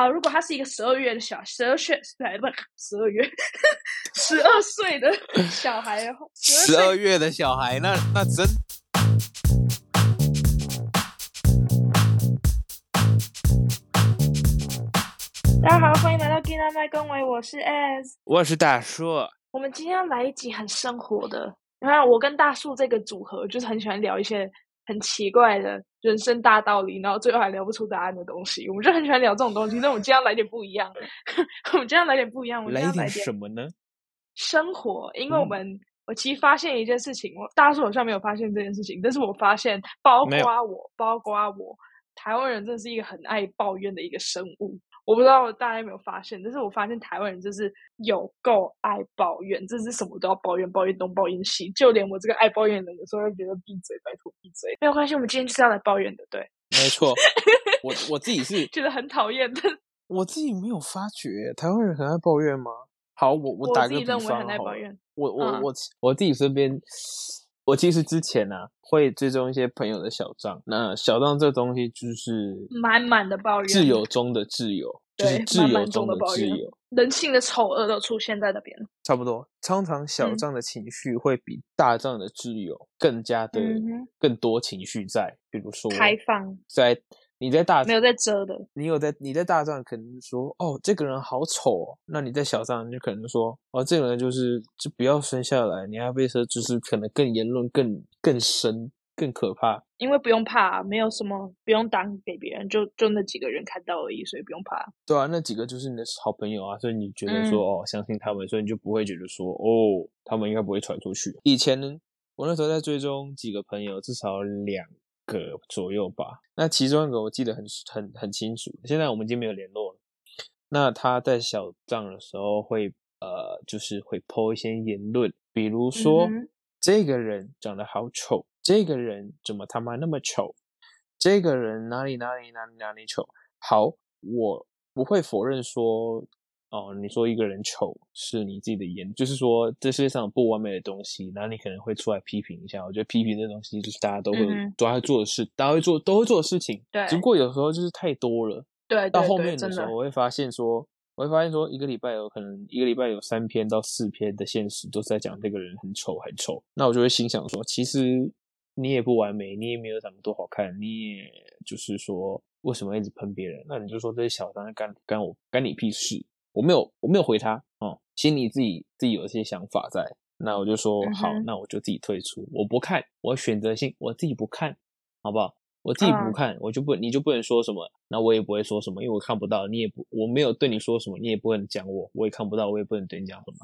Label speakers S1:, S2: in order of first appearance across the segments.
S1: 好，如果他是一個十二月的小十二歲，不，十二月十二歲的小孩，
S2: 十二月的小孩，那那真。
S1: 大家好，歡迎來到 Gina 麥公維，我是 Ez，
S2: 我是大樹。
S1: 我們今天要來一集很生活的，你看我跟大樹這個組合，就是很喜歡聊一些。很奇怪的人生大道理，然後最後還聊不出答案的東西，我們就很喜歡聊這種東西。那我們今天來點不一樣的， 我們今天來點不一樣的，我來點，來點什麼呢？生活，因為我們、嗯、我其實發現一件事情，我大家說好像沒有發現這件事情，但是我發現，包括我，有包括我，台灣人真的是一個很愛抱怨的一個生物。我不知道我大家有沒有發現，但是我發現台灣人就是有夠愛抱怨，真是什麼都要抱怨，抱怨東抱怨西，就連我這個愛抱怨的人，有時候覺得閉嘴拜託，閉嘴，沒有關係，我們今天就是要來抱怨的，對，
S2: 沒錯，我我自己
S1: 是 覺得很討厭的，
S2: 我自己沒有發覺台灣人很愛抱怨嗎？好，我我打個比方，我我我我自己身邊。我其實之前呢、啊，會追蹤一些朋友的小賬那小賬這東西就是
S1: 滿滿的抱怨，自由
S2: 中的自由，對就是自由中的自由。
S1: 人性的醜惡都出現在那邊。
S2: 差不多，通常，常小賬的情緒會比大賬的自由更加的、嗯、更多情緒在，比如說開放在。你在大沒有在遮的。你有在你在大帳，可能說哦這個人好醜，哦，那你在小帳就可能說哦這個人就是就不要生下來，你還要被說就是可能更言論更更深更可怕。
S1: 因為不用怕，沒有什麼不用擋給別人，就就那幾個人看到而已，所以不用怕。
S2: 對啊，那幾個就是你的好朋友啊，所以你覺得說，嗯，哦相信他們，所以你就不會覺得說哦他們應該不會傳出去。以前呢，我那時候在追蹤幾個朋友，至少兩。左右吧。那其中一個我記得很很很清楚，現在我們已經沒有聯絡了。那他在小帳的時候會呃，就是會潑一些言論，比如說、嗯、哼這個人長得好醜，這個人怎麼他媽那麼醜，這個人哪裡哪裡哪裡哪裡，哪裡醜。好，我不會否認說，哦，你說一個人醜是你自己的眼，就是說這世界上有不完美的東西，然後你可能會出來批評一下。我覺得批評這東西就是大家都會、嗯、哼都要做的事，大家會做都會做的事情。對，只不過有時候就是太多了。
S3: 對，對到後面的時候
S2: 我會發現說，我會發現說一個禮拜有可能一個禮拜有三篇到四篇的現實都是在講這個人很醜很醜，那我就會心想說，其實你也不完美，你也沒有長得多好看，你也就是說為什麼一直噴別人？那你就說這些小三干干我干你屁事？我沒有我沒有回他，哦，心裡自己自己有一些想法在，那我就說、嗯、哼好，那我就自己退出，我不看，我選擇性我自己不看，好不好？我自己不看，oh. 我就不你就不能說什麼，那我也不會說什麼，因為我看不到，你也不我沒有對你說什麼，你也不會講我，我也看不到，我也不能對你講什麼，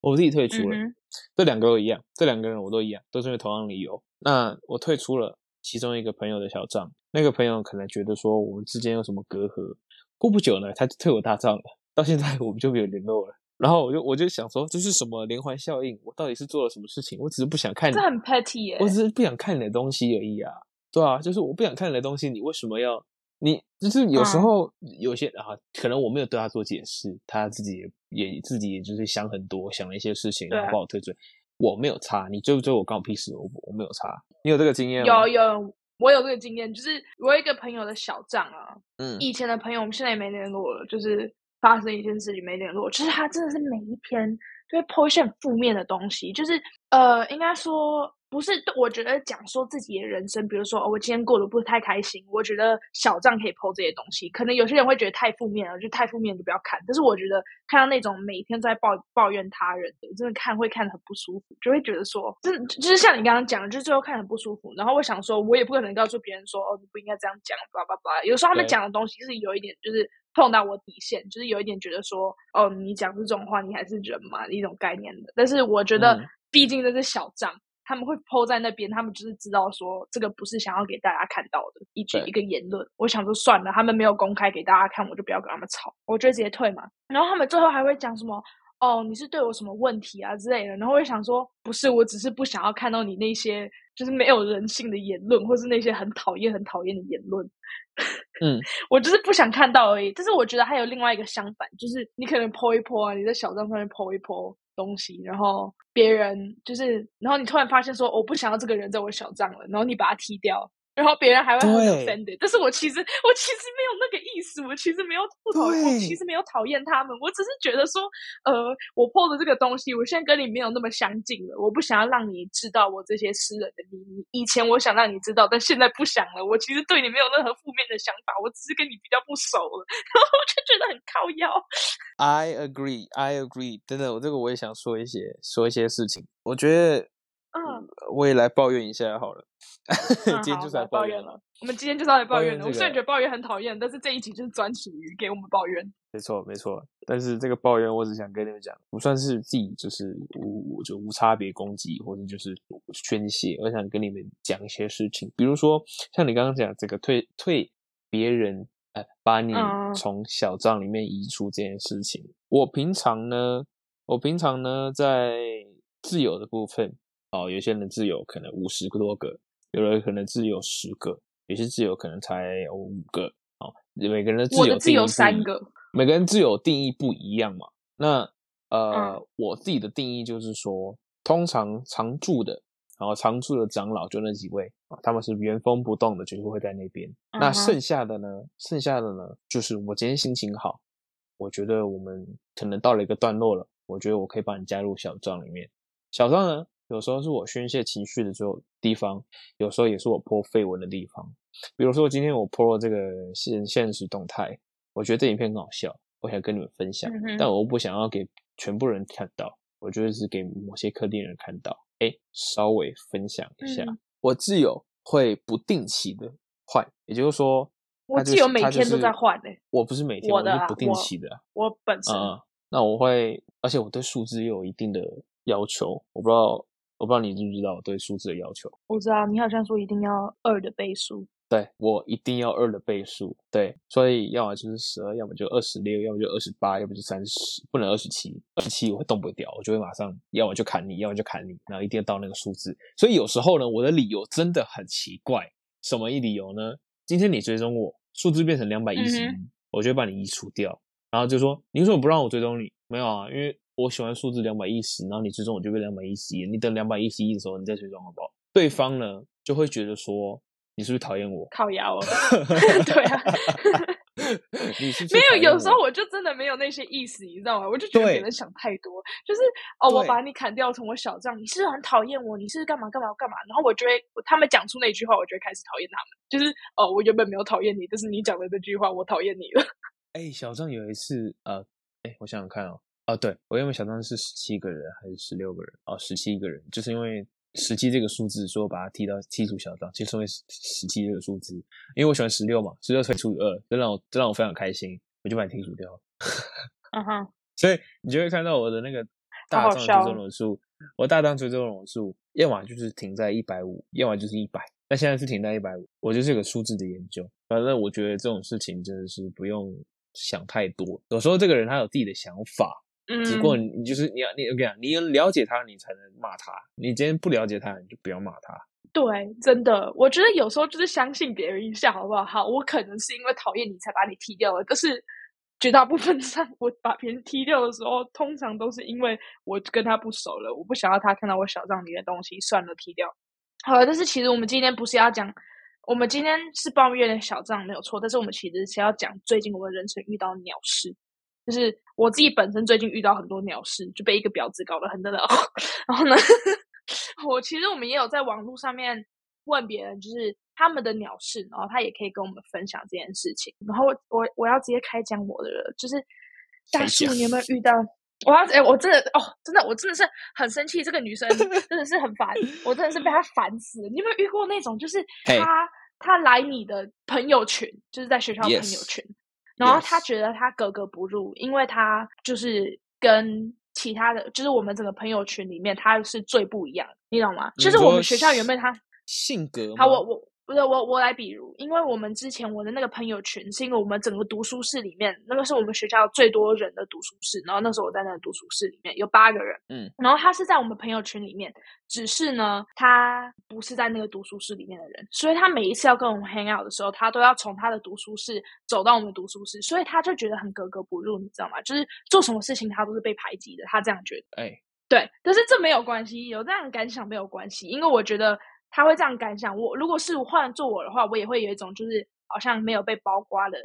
S2: 我自己退出了。嗯、哼這兩個都一樣，這兩個人我都一樣，都是因為同樣理由。那我退出了其中一個朋友的小賬，那個朋友可能覺得說我們之間有什麼隔閡，過不久呢，他就退我大賬了。到現在我們就沒有聯絡了，然後我就我就想說這是什麼連環效應？我到底是做了什麼事情？我只是不想看你。這
S1: 很 petty 呃、欸，我只
S2: 是不想看你的東西而已啊，對啊，就是我不想看你的東西，你為什麼要你？就是有時候、嗯、有些啊，可能我沒有對他做解釋，他自己也也自己也就是想很多，想了一些事情，然後把我推推。我沒有差，你追不追我關我屁事？我我沒有差，你有這個經驗嗎？有
S1: 有，我有這個經驗，就是我有一個朋友的小賬啊，嗯，以前的朋友我們現在也沒聯絡了，就是。發生一件事情沒聯絡，其實、就是、他真的是每一天都會 PO 一些很負面的東西，就是呃，應該說不是，我覺得講說自己的人生，比如說、哦、我今天過得不太開心，我覺得小帳可以 PO 這些東西。可能有些人會覺得太負面了，就太負面了就不要看。但是我覺得看到那種每一天都在抱抱怨他人的，真的看會看得很不舒服，就會覺得說，真就是像你剛剛講的，就是最後看得很不舒服。然後我想說，我也不可能告訴別人說，哦，你不應該這樣講，叭叭叭。有時候他們講的東西是有一點就是。碰到我底線，就是有一點覺得說，哦，你講這種話，你還是人嗎？一種概念的。但是我覺得，畢竟這是小賬，嗯、他們會 po 在那邊，他們就是知道說，這個不是想要給大家看到的一句對一個言論。我想說，算了，他們沒有公開給大家看，我就不要跟他們吵，我就直接退嘛。然後他們最後還會講什麼，哦，你是對我什麼問題啊之類的。然後我就想說，不是，我只是不想要看到你那些就是沒有人性的言論，或是那些很討厭很討厭的言論。 嗯，我就是不想看到而已。但是我覺得還有另外一個相反，就是你可能 po 一 po 啊，你在小賬上面 po 一 po 東西，然後別人就是，然後你突然發現說我、哦、不想要這個人在我小賬了，然後你把他踢掉。然後別人還會很 offended，但是我其實我其實沒有那個意思，我其實沒有不討，對我其實沒有討厭他們，我只是覺得說，呃，我 po 的這個東西，我現在跟你沒有那麼相近了，我不想要讓你知道我這些私人的秘密。以前我想讓你知道，但現在不想了。我其實對你沒有任何負面的想法，我只是跟你比較不熟了，然後我就覺得很靠腰
S2: I agree, I agree，真的，我這個我也想說一些說一些事情，我覺得。嗯，uh, 我也來抱怨一下好了。 今天就
S3: 是來抱怨
S1: 了，嗯抱怨。我們今天就是來抱怨了。我雖然、這個、覺得抱怨很討厭，但是這一集就是專屬於給我們抱怨。
S2: 沒錯，沒錯。但是這個抱怨，我只想跟你們講，不算是自己就是無我就無差別攻擊，或者就是宣洩。我想跟你們講一些事情，比如說像你剛剛講這個退退別人、呃，把你從小賬裡面移除這件事情。Uh. 我平常呢，我平常呢，在自由的部分。哦，有些人摯友可能五十多個，有人可能摯友十個，有些摯友可能才五個。哦，每個人自的摯友，我有摯友三個，每個人摯友定義不一樣嘛。那呃，嗯、我自己的定義就是說，通常常住的，然後常住的長老就那幾位啊、哦，他們是原封不動的，就是會在那邊。那剩下的呢？Uh huh. 剩下的呢？就是我今天心情好，我覺得我們可能到了一個段落了。我覺得我可以幫你加入小帳裡面，小帳呢？有時候是我宣洩情緒的時候、地方，有時候也是我 PO 廢文的地方。比如說今天我 PO 了這個限、限時動態，我覺得這影片很好笑，我想跟你們分享。嗯、哼但我又不想要給全部人看到，我就是給某些特定人看到。哎，稍微分享一下。嗯、我摯友會不定期的換，也就是說，
S1: 我摯友每天都在換呢、欸。
S2: 我不是每天，我，啊、我是不定期的、啊我。
S1: 我本身、
S2: 嗯，那我會，而且我對數字又有一定的要求，我不知道。我不知道你知不知道我對數字的要求。
S1: 我知道，你好像說一定要二的倍數。
S2: 對，我一定要二的倍數，對，所以要麼就是十二，要麼就二十六，要麼就二十八，要麼就三十，不能二十七。二十七我會動不掉，我就會馬上要麼就砍你，要麼就砍你，然後一定要到那個數字。所以有時候呢，我的理由真的很奇怪，什麼一理由呢？今天你追蹤我，數字變成兩百一十，mm hmm. 我就會把你移除掉，然後就說你為什麼不讓我追蹤你？沒有啊，因為。我喜歡數字兩百一十，然後你追蹤我就變兩百一十一。你等兩百一十一的時候，你再追蹤好不好？對方呢就會覺得說，你是不是討厭我？
S1: 靠夭啊？對啊，
S2: 你沒有。有時候
S1: 我就真的沒有那些意思，你知道嗎？我就覺得可能想太多，對就是哦，我把你砍掉，從我小帳，對你是不是很討厭我，你是不是幹嘛幹嘛幹嘛？然後我就會他們講出那句話，我就會開始討厭他們。就是哦，我原本沒有討厭你，但是你講的那句話，我討厭你了。
S2: 哎、欸，小張有一次呃，哎、欸，我想想看哦。啊、哦，對，我因為小帳是十七個人還是十六個人？哦，十七個人，就是因為十七這個數字，所以我把它踢到踢出小帳，就成為十七這個數字。因為我喜歡十六嘛，十六可以除以二，就讓我就讓我非常開心，我就把它踢除掉。嗯 哈、uh。Huh. 所以你就會看到我的那個大帳追蹤人數，我大帳追蹤人數，要麼就是停在一百五，要麼就是一百，那現在是停在一百五，我就是有這個數字的研究。反正我覺得這種事情真的是不用想太多，有時候這個人他有自己的想法。只不過你就是你要、嗯、你，你，你我跟你講，你要了解他，你才能罵他。你今天不了解他，你就不要罵他。
S1: 對，真的，我覺得有時候就是相信別人一下，好不好？好，我可能是因為討厭你才把你踢掉了。但是絕大部分上，我把別人踢掉的時候，通常都是因為我跟他不熟了，我不想要他看到我小賬裡的東西，算了，踢掉。好了，但是其實我們今天不是要講，我們今天是抱怨小賬沒有錯，但是我們其實是想要講最近我們人生遇到的鳥事。就是我自己本身最近遇到很多鳥事，就被一個婊子搞得很的惱。然後呢，我其實我們也有在網絡上面問別人，就是他們的鳥事，然後他也可以跟我們分享這件事情。然後我我要直接開講我的了，就是大樹你有沒有遇到？Thank you. 我要哎，我真的哦，真的我真的是很生氣，這個女生真的是很煩， 我真的是被她煩死了。你有沒有遇過那種，就是她 Hey. 她來你的朋友群，就是在學校的朋友群。Yes. 然後他覺得他格格不入，Yes. 因為他就是跟其他的就是我們整個朋友圈裡面他是最不一樣，你懂嗎？你說 就是我們學校原本他
S3: 性格，他我我。
S1: 不是我，我來，比如，因為我們之前我的那個朋友群，是因為我們整個讀書室裡面，那個是我們學校最多人的讀書室。然後那時候我在那個讀書室裡面，有八個人，嗯。然後他是在我們朋友群裡面，只是呢，他不是在那個讀書室裡面的人，所以他每一次要跟我們 hang out 的時候，他都要從他的讀書室走到我們讀書室，所以他就覺得很格格不入，你知道嗎？就是做什麼事情他都是被排擠的，他這樣覺得。哎，對，但是這沒有關係，有這樣的感想沒有關係，因為我覺得。他會這樣感想，我如果是換做我的話，我也會有一種就是好像沒有被包括的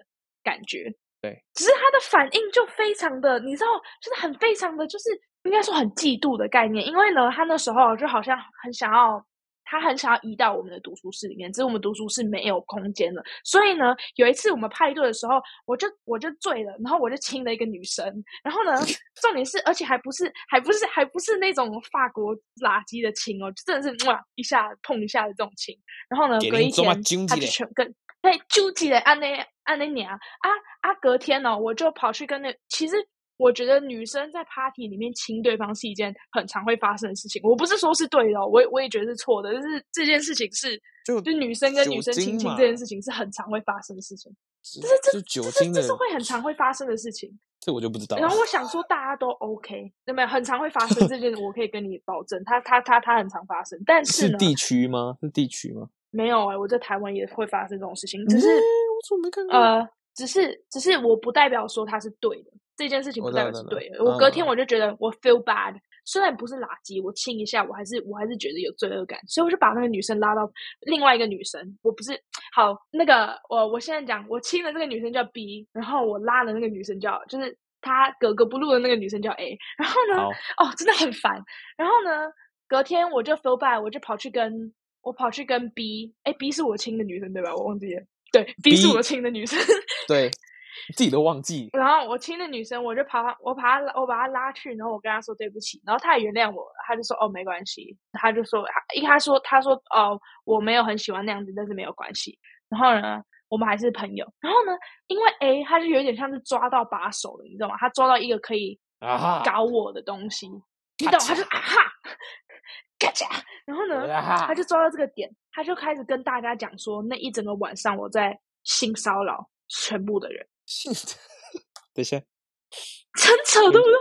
S1: 感覺。對，只是他的反應就非常的，你知道，就是很非常的就是應該說很嫉妒的概念，因為呢，他那時候就好像很想要。他很想要移到我們的讀書室裡面，只是我們讀書室沒有空間了。所以呢，有一次我們派對的時候，我就我就醉了，然後我就親了一個女生。然後呢， 重點是，而且還不是，還不是，還不是那種法國垃圾的親哦，就真的是哇、呃、一下碰一下的這種親。然後呢，隔一天他就全跟，哎糾結的按那按那年啊啊，啊隔天呢、哦、我就跑去跟那其實。我覺得女生在 party 裡面親對方是一件很常會發生的事情。我不是說是對的，我也我也覺得是錯的。就是這件事情是，就，就女生跟女生親親這件事情是很常會發生的事情。這是這是，
S2: 就酒這，是這是會
S1: 很常會發生的事情。
S2: 這我就不知道。然後我
S1: 想說大家都 OK，有沒有很常會發生這件？ 我可以跟你保證，他他他他很常發生。但是呢，是地
S2: 區嗎？是地區嗎？
S1: 沒有哎、欸，我在台灣也會發生這種事情。只是、嗯、我怎麼看呃，只是只是我不代表說它是對的。這件事情不代表是對的。我隔天我就覺得我 feel bad，雖然不是垃圾，我親一下，我還是我還是覺得有罪惡感，所以我就把那個女生拉到另外一個女生。我不是好那個，我我現在講我親的這個女生叫 B，然後我拉的那個女生叫就是她格格不入的那個女生叫 A，然後呢好哦真的很煩，然後呢隔天我就 feel bad，我就跑去跟我跑去跟 B，哎 B 是我親的女生對吧？我忘記了，對 B, B 是我親的女生
S2: 對。自己都忘記，
S1: 然後我親的女生我爬，我就把她，我把她，我把她拉去，然後我跟她說對不起，然後她也原諒我，她就說哦沒關係，她就說，她，因她說她說哦我沒有很喜歡那樣子，但是沒有關係，然後呢我們還是朋友，然後呢因為哎，他就有點像是抓到把手了，你知道嗎？他抓到一個可以搞我的東西，啊、哈你懂，道嗎，他就啊哈，啊啥然後呢、啊、哈他就抓到這個點，他就開始跟大家講說那一整個晚上我在性騷擾全部的人。信，
S2: 等一下，真
S1: 扯對不對？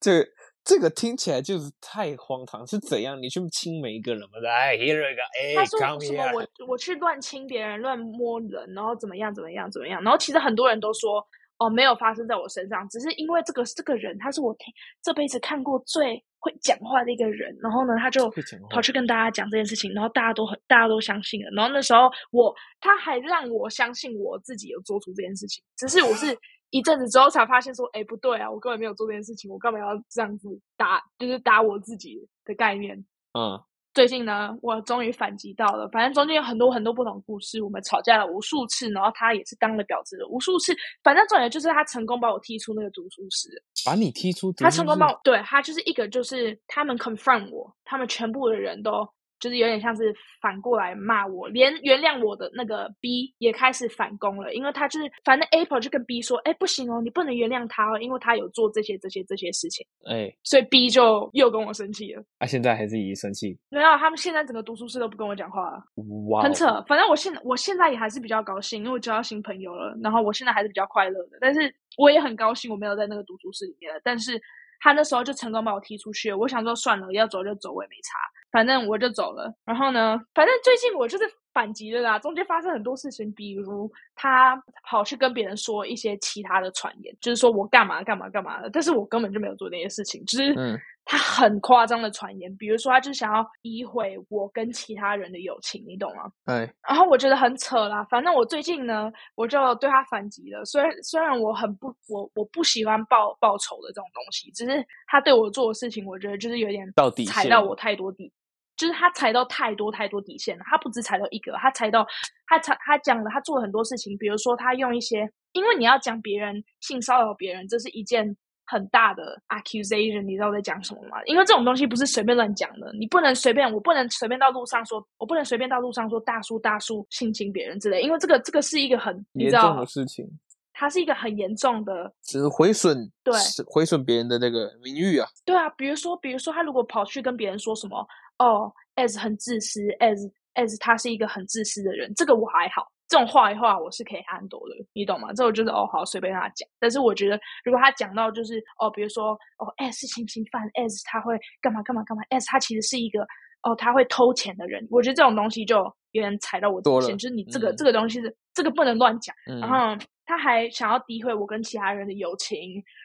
S2: 這、嗯、 這個聽起來就是太荒唐，是怎樣？你去親每一個人嗎？哎、hey, here 一個、hey, come here 一個。他說我
S1: 我去亂親別人、亂摸人，然後怎麼樣、怎麼樣、怎麼樣？然後其實很多人都說。哦，oh, 沒有發生在我身上，只是因為這個這個人，他是我這輩子看過最會講話的一個人。然後呢，他就跑去跟大家講這件事情，然後大家都很大家都相信了。然後那時候我，他還讓我相信我自己有做出這件事情，只是我是一陣子之後才發現說，哎，不對啊，我根本沒有做這件事情，我幹嘛要這樣子打，就是打我自己的概念？嗯。最近呢，我終於反擊到了。反正中間有很多很多不同的故事，我們吵架了無數次，然後他也是當了婊子了無數次。反正重點就是他成功把我踢出那個讀書室，
S2: 把你踢出讀書室。他成功把我，
S1: 對，他就是一個就是他們 confirm 我，他們全部的人都。就是有點像是反過來罵我，連原諒我的那個 B 也開始反攻了，因為他就是反正 Apple 就跟 B 說，哎、欸，不行哦、喔，你不能原諒他哦、喔，因為他有做這些這些這些事情。哎、欸，所以 B 就又跟我生氣了。
S2: 啊，現在還是一生氣？
S1: 沒有，他們現在整個讀書室都不跟我講話了，
S2: 哇 Wow，很扯。
S1: 反正我現我現在也還是比較高興，因為我交到新朋友了，然後我現在還是比較快樂的。但是我也很高興，我沒有在那個讀書室裡面了，但是。他那時候就成功把我踢出去，我想說算了，要走就走，我也沒差，反正我就走了。然後呢，反正最近我就是反擊了啦，中間發生很多事情，比如他跑去跟別人說一些其他的傳言，就是說我幹嘛幹嘛幹嘛的，但是我根本就沒有做那些事情，只、就是。嗯他很誇張的傳言，比如說他就是想要詆毀我跟其他人的友情，你懂嗎？
S3: 對、
S1: 哎。然後我覺得很扯啦，反正我最近呢，我就對他反擊了。雖然雖然我很不我我不喜歡報報仇的這種東西，只是他對我做的事情，我覺得就是有點踩到我太多底，底就是他踩到太多太多底線了。他不止踩到一個，他踩到他踩他講了，他做了很多事情，比如說他用一些，因為你要講別人性騷擾別人，這是一件。很大的 accusation，你知道我在講什麼嗎？因為這種東西不是隨便亂講的，你不能隨便，我不能隨便到路上說，我不能隨便到路上說大叔大叔性侵別人之類，因為這個這個是一個很你知道嚴重的事情，它是一個很嚴重的，
S2: 只是毀損對毀損別人的那個名譽啊，
S1: 對啊，比如說比如說他如果跑去跟別人說什麼哦，Ez 很自私，Ez Ez 他是一個很自私的人，這個我還好。這種壞話，話我是可以安多的，你懂嗎？這種就是哦好隨便他講，但是我覺得如果他講到就是哦，比如說哦 S 是性侵犯 S 他會幹嘛幹嘛幹嘛 S 他其實是一個哦他會偷錢的人，我覺得這種東西就有點踩到我底線，多了就是你這個、嗯、這個東西是這個不能亂講。然後他還想要詆毀我跟其他人的友情，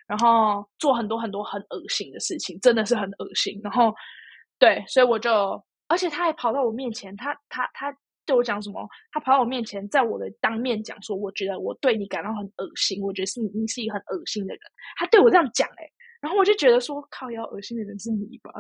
S1: 然後做很多很多很噁心的事情，真的是很噁心。然後對，所以我就，而且他還跑到我面前，他他他。他對我講什麼？他跑到我面前，在我的當面講說，我覺得我對你感到很噁心，我覺得是你，你是一個很噁心的人。他對我這樣講、欸，哎，然後我就覺得說，靠，要噁心的人是你吧？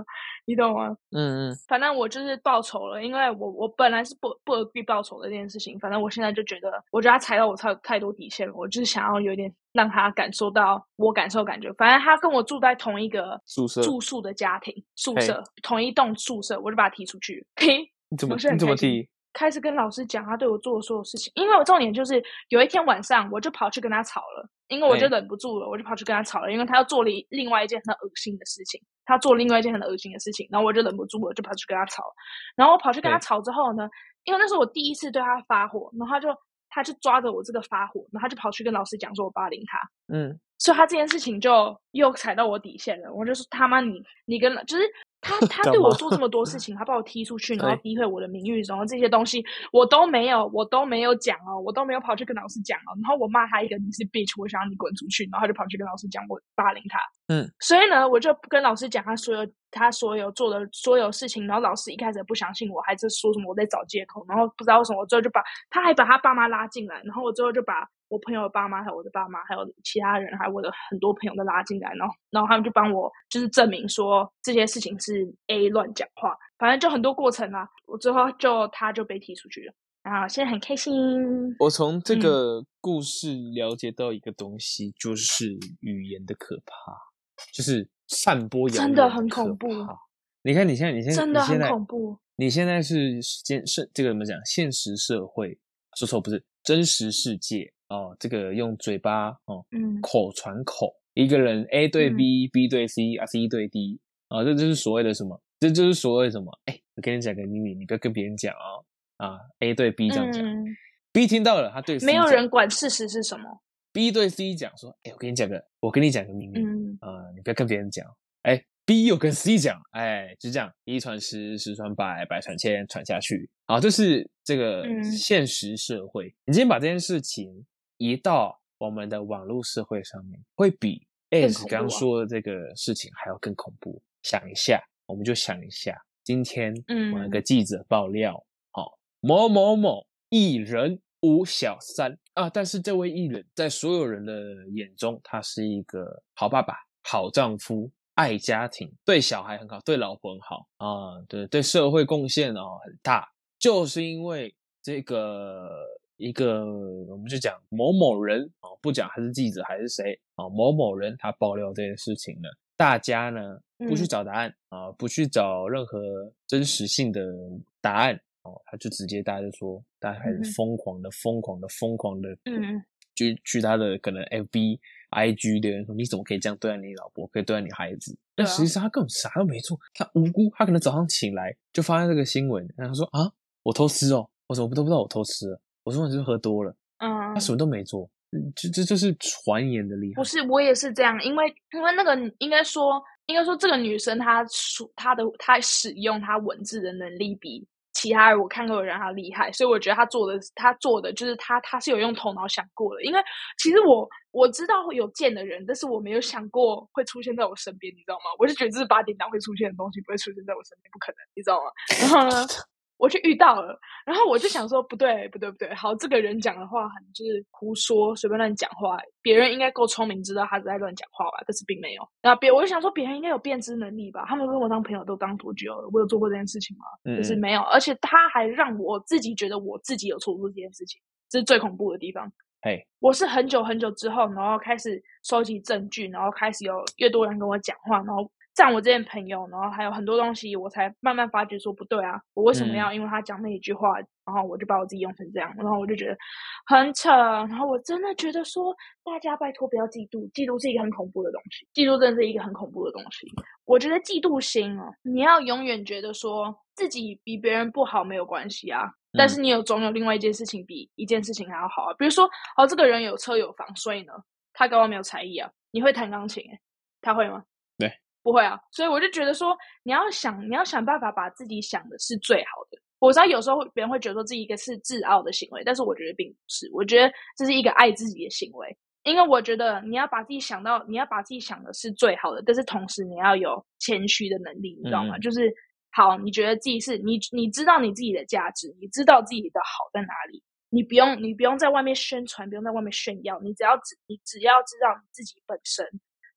S1: 你懂嗎？
S3: 嗯嗯。反
S1: 正我就是報仇了，因為我我本來是不不必報仇的這件事情。反正我現在就覺得，我覺得他踩到我太太多底線了，我就是想要有點讓他感受到我感受感覺。反正他跟我住在同一個宿舍、住宿的家庭宿舍，嘿同一棟宿舍，我就把他提出去。嘿，你怎麼是是你怎麼提？開始跟老師講他對我做的所有事情，因為我重點就是有一天晚上我就跑去跟他吵了，因為我就忍不住了，嘿我就跑去跟他吵了，因為他又做了另外一件很惡心的事情，他做了另外一件很惡心的事情，然後我就忍不住了，我就跑去跟他吵了，然後我跑去跟他吵之後呢，嘿因為那是我第一次對他發火，然後他就他就抓着我這個發火，然後他就跑去跟老師講說我霸凌他，
S3: 嗯，
S1: 所以他這件事情就又踩到我底線了，我就說他媽你你跟就是。 他他對我做這麼多事情，幹嘛 他把我踢出去，然後詆毀我的名譽，然後這些東西我都沒有，我都沒有講哦，我都沒有跑去跟老師講哦，然後我罵他一個你是 bitch，我想讓你滾出去，然後他就跑去跟老師講我霸凌他，嗯，所以呢，我就跟老師講他所有他所有做的所有事情，然後老師一開始不相信我，還是說什麼我在找借口，然後不知道為什麼，我最後就把他還把他爸媽拉進來，然後我最後就把。我朋友的爸媽，還有我的爸媽，還有其他人，還有我的很多朋友都拉進來，然後，然後他們就幫我，就是證明說這些事情是 A 亂講話，反正就很多過程啊。我最後就他就被踢出去了，然後現在很開心。
S2: 我從這個故事了解到一個東西，就是語言的可怕，就是散播謠言真的很恐怖。你看你現在，你現在，真的很恐怖，你現在是現是這個怎麼講？現實社會說錯不是真實世界。哦，這個用嘴巴哦，口傳口，嗯、一個人 A 對 B，B、嗯、對 C，啊 C 對 D，啊、哦，這就是所謂的什麼？這就是所謂什麼？哎、欸，我跟你講個秘密，你不要跟別人講、哦、啊。啊，A 對 B 這樣講、嗯、，B 聽到了，他對 C 講，沒有人
S1: 管事實是什麼。
S2: B 對 C 講說，哎、欸，我跟你講個，我跟你講個秘密，啊、嗯呃，你不要跟別人講。哎、欸、，B 又跟 C 講，哎、欸，就這樣一傳、e、十，十傳百，百傳千，傳下去。啊、哦，這、就是這個現實社會，嗯、你今天把這件事情。移到我們的網絡社會上面，會比 Ez、啊、剛說的這個事情還要更恐怖。想一下，我們就想一下，今天嗯，一個記者爆料，嗯、哦，某某某藝人無小三啊，但是這位藝人，在所有人的眼中，他是一個好爸爸、好丈夫、愛家庭、對小孩很好、對老婆很好啊、嗯，對對社會貢獻哦很大，就是因為這個。一個，我們就講某某人啊、哦，不講他是記者還是誰啊、哦，某某人他爆料這件事情了。大家呢不去找答案啊、嗯哦，不去找任何真實性的答案哦，他就直接大家就說，大家開始瘋狂的、嗯、瘋狂的、瘋狂的、瘋狂的，嗯，就去他的可能 FB、IG 的人說，嗯、你怎麼可以這樣對待你老婆，可以對待你孩子？啊、那實際上他根本啥都沒做，他無辜。他可能早上醒來就發現這個新聞，然後他說啊，我偷吃哦，我怎麼都不知道我偷吃、啊。我說你是喝多
S1: 了，嗯，他什麼
S2: 都沒做，這這這是傳言的厲害。不
S1: 是，我也是這樣，因為因為那個應該說應該說這個女生她使她的她使用她文字的能力比其他人我看過的人還要厲害，所以我覺得她做的她做的就是她她是有用頭腦想過的。因為其實我我知道有賤的人，但是我沒有想過會出現在我身邊，你知道嗎？我是覺得這是八點檔會出現的東西，不會出現在我身邊，不可能，你知道嗎？然後呢？我就遇到了，然後我就想說，不對， 不對，不對，好，這個人講的話很就是胡說，隨便亂講話，別人應該夠聰明，知道他是在亂講話吧？但是並沒有，然後別，我就想說，別人應該有辨知能力吧？他們跟我當朋友都當多久了？我有做過這件事情嗎？嗯，就是沒有，而且他還讓我自己覺得我自己有錯做這件事情，這是最恐怖的地方。Hey. 我是很久很久之後，然後開始收集證據，然後開始有越多人跟我講話，然後。像我之前朋友，然後還有很多東西，我才慢慢發覺說不對啊！我為什麼要、嗯、因為他講那一句話，然後我就把我自己用成這樣？然後我就覺得很扯。然後我真的覺得說，大家拜托不要嫉妒，嫉妒是一個很恐怖的東西，嫉妒真的是一個很恐怖的東西。我覺得嫉妒心哦，你要永遠覺得說自己比別人不好沒有關係啊，嗯、但是你有總有另外一件事情比一件事情還要好啊。比如說，哦，這個人有車有房，所以呢，他搞不好沒有才藝啊？你會彈鋼琴、欸，他會嗎？不會啊，所以我就覺得說，你要想，你要想辦法把自己想的是最好的。我知道有時候別人會覺得說自己一個是自傲的行為，但是我覺得並不是，我覺得這是一個愛自己的行為。因為我覺得你要把自己想到，你要把自己想的是最好的，但是同時你要有謙虛的能力，嗯、你知道嗎？就是好，你覺得自己是你，你知道你自己的價值，你知道自己的好在哪裡，你不用你不用在外面宣傳，不用在外面炫耀，你只要只你只要知道自己本身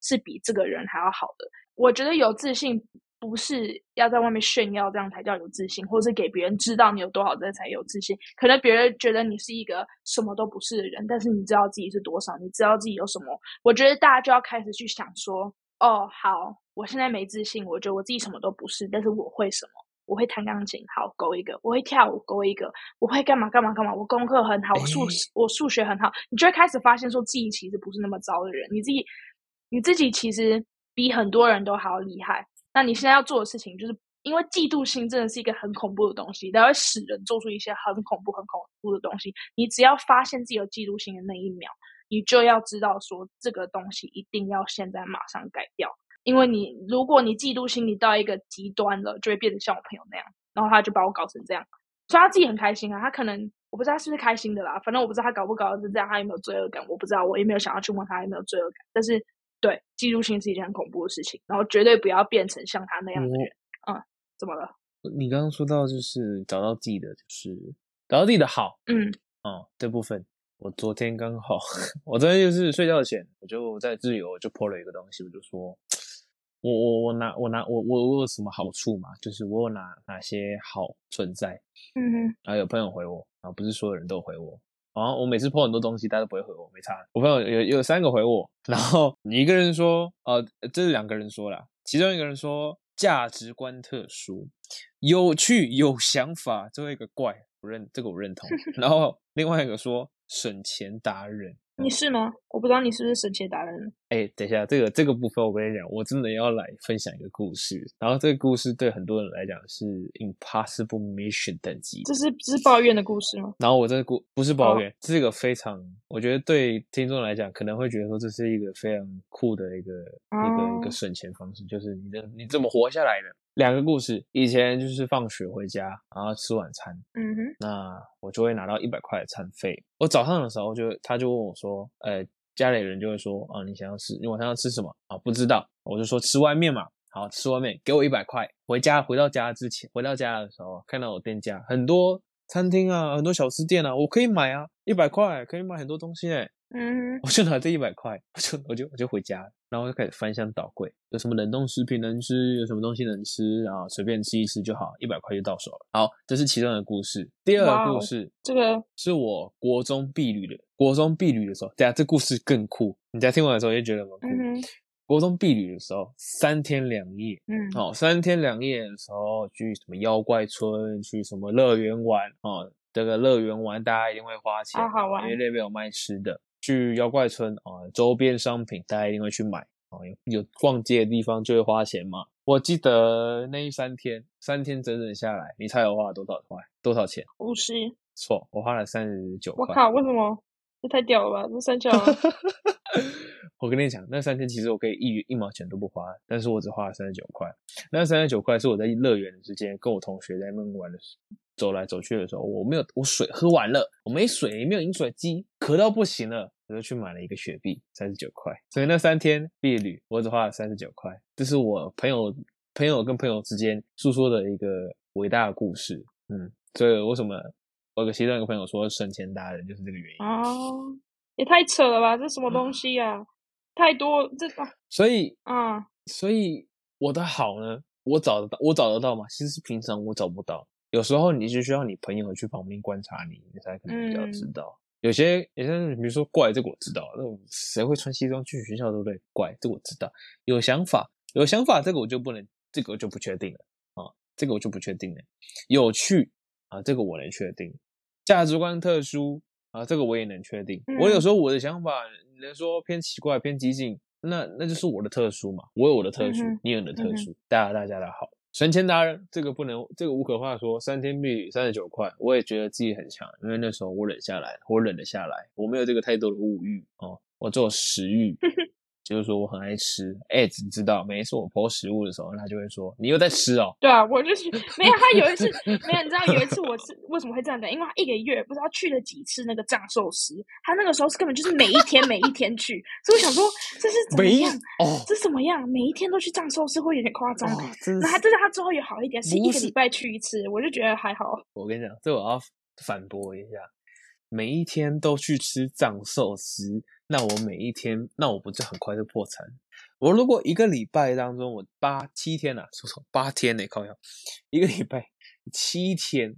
S1: 是比這個人還要好的。我覺得有自信不是要在外面炫耀，這樣才叫有自信，或是給別人知道你有多好才才有自信。可能別人覺得你是一個什麼都不是的人，但是你知道自己是多少，你知道自己有什麼。我覺得大家就要開始去想說，哦，好，我現在沒自信，我覺得我自己什麼都不是，但是我會什麼？我會彈鋼琴，好，勾一個；我會跳舞，勾一個；我會幹嘛幹嘛幹嘛？我功課很好，我數我數學很好。你就會開始發現說自己其實不是那麼糟的人，你自己你自己其實。比很多人都還要厲害。那你現在要做的事情，就是因為嫉妒心真的是一個很恐怖的東西，它會使人做出一些很恐怖、很恐怖的東西。你只要發現自己有嫉妒心的那一秒，你就要知道說這個東西一定要現在馬上改掉。因為你如果你嫉妒心你到一個極端了，就會變成像我朋友那樣，然後他就把我搞成這樣，所以他自己很開心啊。他可能我不知道他是不是開心的啦，反正我不知道他搞不搞得成這樣，他有沒有罪惡感我不知道，我也沒有想要去問他有沒有罪惡感，但是。對，嫉妒心是一件很恐怖的事情，然後絕對不要變成像他那樣的人。我嗯，怎
S2: 麼了？你剛剛說到就是找到自己的，就是找到自己的好。嗯，哦，這部分我昨天剛好， 我昨天就是睡覺前，我就在自由，我就 PO 了一個東西，我就說我我我拿我拿我我我有什麼好處嘛？就是我有哪哪些好存在？嗯哼，然後有朋友回我，然後不是所有人都有回我。啊！我每次破很多東西，大家都不會回我，沒差。我朋友有有三個回我，然後你一個人說，呃，這是兩個人說啦，其中一個人說價值觀特殊，有趣、有想法，最後一個怪，我認，這個我認同。然後另外一個說省錢達人。
S1: 你是嗎？我不知道你是不是省錢達人。哎、
S2: 欸，等一下，這個這個部分我跟你講，我真的要來分享一個故事。然後這個故事對很多人來講是 impossible mission 等級。這是
S1: 是抱怨的故事嗎？
S2: 然後我這個故不是抱怨，這哇個非常，我覺得對聽眾來講可能會覺得說，這是一個非常酷的一個、啊那個、一個一個省錢方式，就是你的你怎麼活下來的？兩個故事，以前就是放學回家，然後吃晚餐，嗯
S3: 哼，
S2: 那我就會拿到一百塊的餐費。我早上的時候就，他就問我說，呃，家裡人就會說，哦，你想要吃，你晚上要吃什麼啊？不知道，我就說吃外面嘛，好吃外面，給我一百塊，回家回到家之前，回到家的時候看到我店家，很多餐廳啊，很多小吃店啊，我可以買啊，一百塊可以買很多東西誒。嗯，mm hmm. 我就拿這一百塊，我就我就我就回家，然後我就開始翻箱倒櫃，有什麼冷凍食品能吃，有什麼東西能吃啊，然後隨便吃一吃就好，一百塊就到手了。好，這是其中的故事。第二個故事，wow, 這個是我國中畢旅的國中畢旅的時候，對啊，這故事更酷。你在聽完的時候也覺得很酷。Mm hmm. 國中畢旅的時候，三天兩夜，嗯、mm，好、hmm. 哦，三天兩夜的時候去什麼妖怪村，去什麼樂園玩啊、哦？這個樂園玩大家一定會花
S3: 錢，好，好玩，因
S2: 為那邊有賣吃的。去妖怪村啊、哦，週邊商品大家一定會去買有、哦、有逛街的地方就會花錢嘛。我記得那三天，三天整整下來，你猜我花了多少塊？多少錢？五十是。錯，我花了三十九塊。我靠，
S1: 為什麼？這太屌了吧！那三千，
S2: 我跟你講，那三天其實我可以一元一毛錢都不花，但是我只花了三十九塊。那三十九塊是我在樂園之間跟我同學在那玩的時候，走來走去的時候，我沒有，我水喝完了，我沒水，沒有飲水機，渴到不行了，我就去買了一個雪碧，三十九塊。所以那三天畢業旅，我只花了三十九塊，這是我朋友朋友跟朋友之間訴說的一個偉大的故事。
S1: 嗯，
S2: 所以為什麼？我有個西裝一個朋友說，省錢達人，就是這個原
S1: 因啊、哦，也太扯了吧！這什麼東西呀、啊？嗯、太多這個，所以啊，嗯、
S2: 所以我的好呢，我找得到，我找得到嘛。其實是平常我找不到，有時候你就需要你朋友去旁邊觀察你，你才可能比較知道。嗯、有些，有些，人比如說怪這個我知道，那種誰會穿西裝去學校，對不對？怪這個我知道，有想法，有想法，這個我就不能，這個我就不確定了啊，這個我就不確定了，有趣。啊，這個我能確定，價值觀特殊啊，這個我也能確定。嗯、我有時候我的想法，能說偏奇怪、偏激進，那那就是我的特殊嘛，我有我的特殊，嗯、哼你有你的特殊，嗯、哼大家大家的好。省錢達人，這個不能，這個無可話說，三天幣三十九塊，我也覺得自己很強，因為那時候我忍下來，我忍得下來，我沒有這個太多的物欲哦，我只有食欲。 就是說我很愛吃，哎、欸，你知道，每一次我潑食物的時候，他就會說你又在吃哦。
S1: 對啊，我就是沒有他有一次 沒有，你知道有一次我是為什麼會這樣講？因為他一個月不知道去了幾次那個藏壽司，他那個時候是根本就是每一天每一天去， 所以我想說這是怎麼樣？哦、這怎麼樣？每一天都去藏壽司會有點誇張。那他、哦、這是他之後也好一點，是一個禮拜去一次，是我就覺得還好。
S2: 我跟你講，這我要反駁一下。每一天都去吃藏壽司，那我每一天，那我不就很快就破產？我如果一個禮拜當中，我八七天吶、啊，說錯八天內、欸、靠腰，一個禮拜七天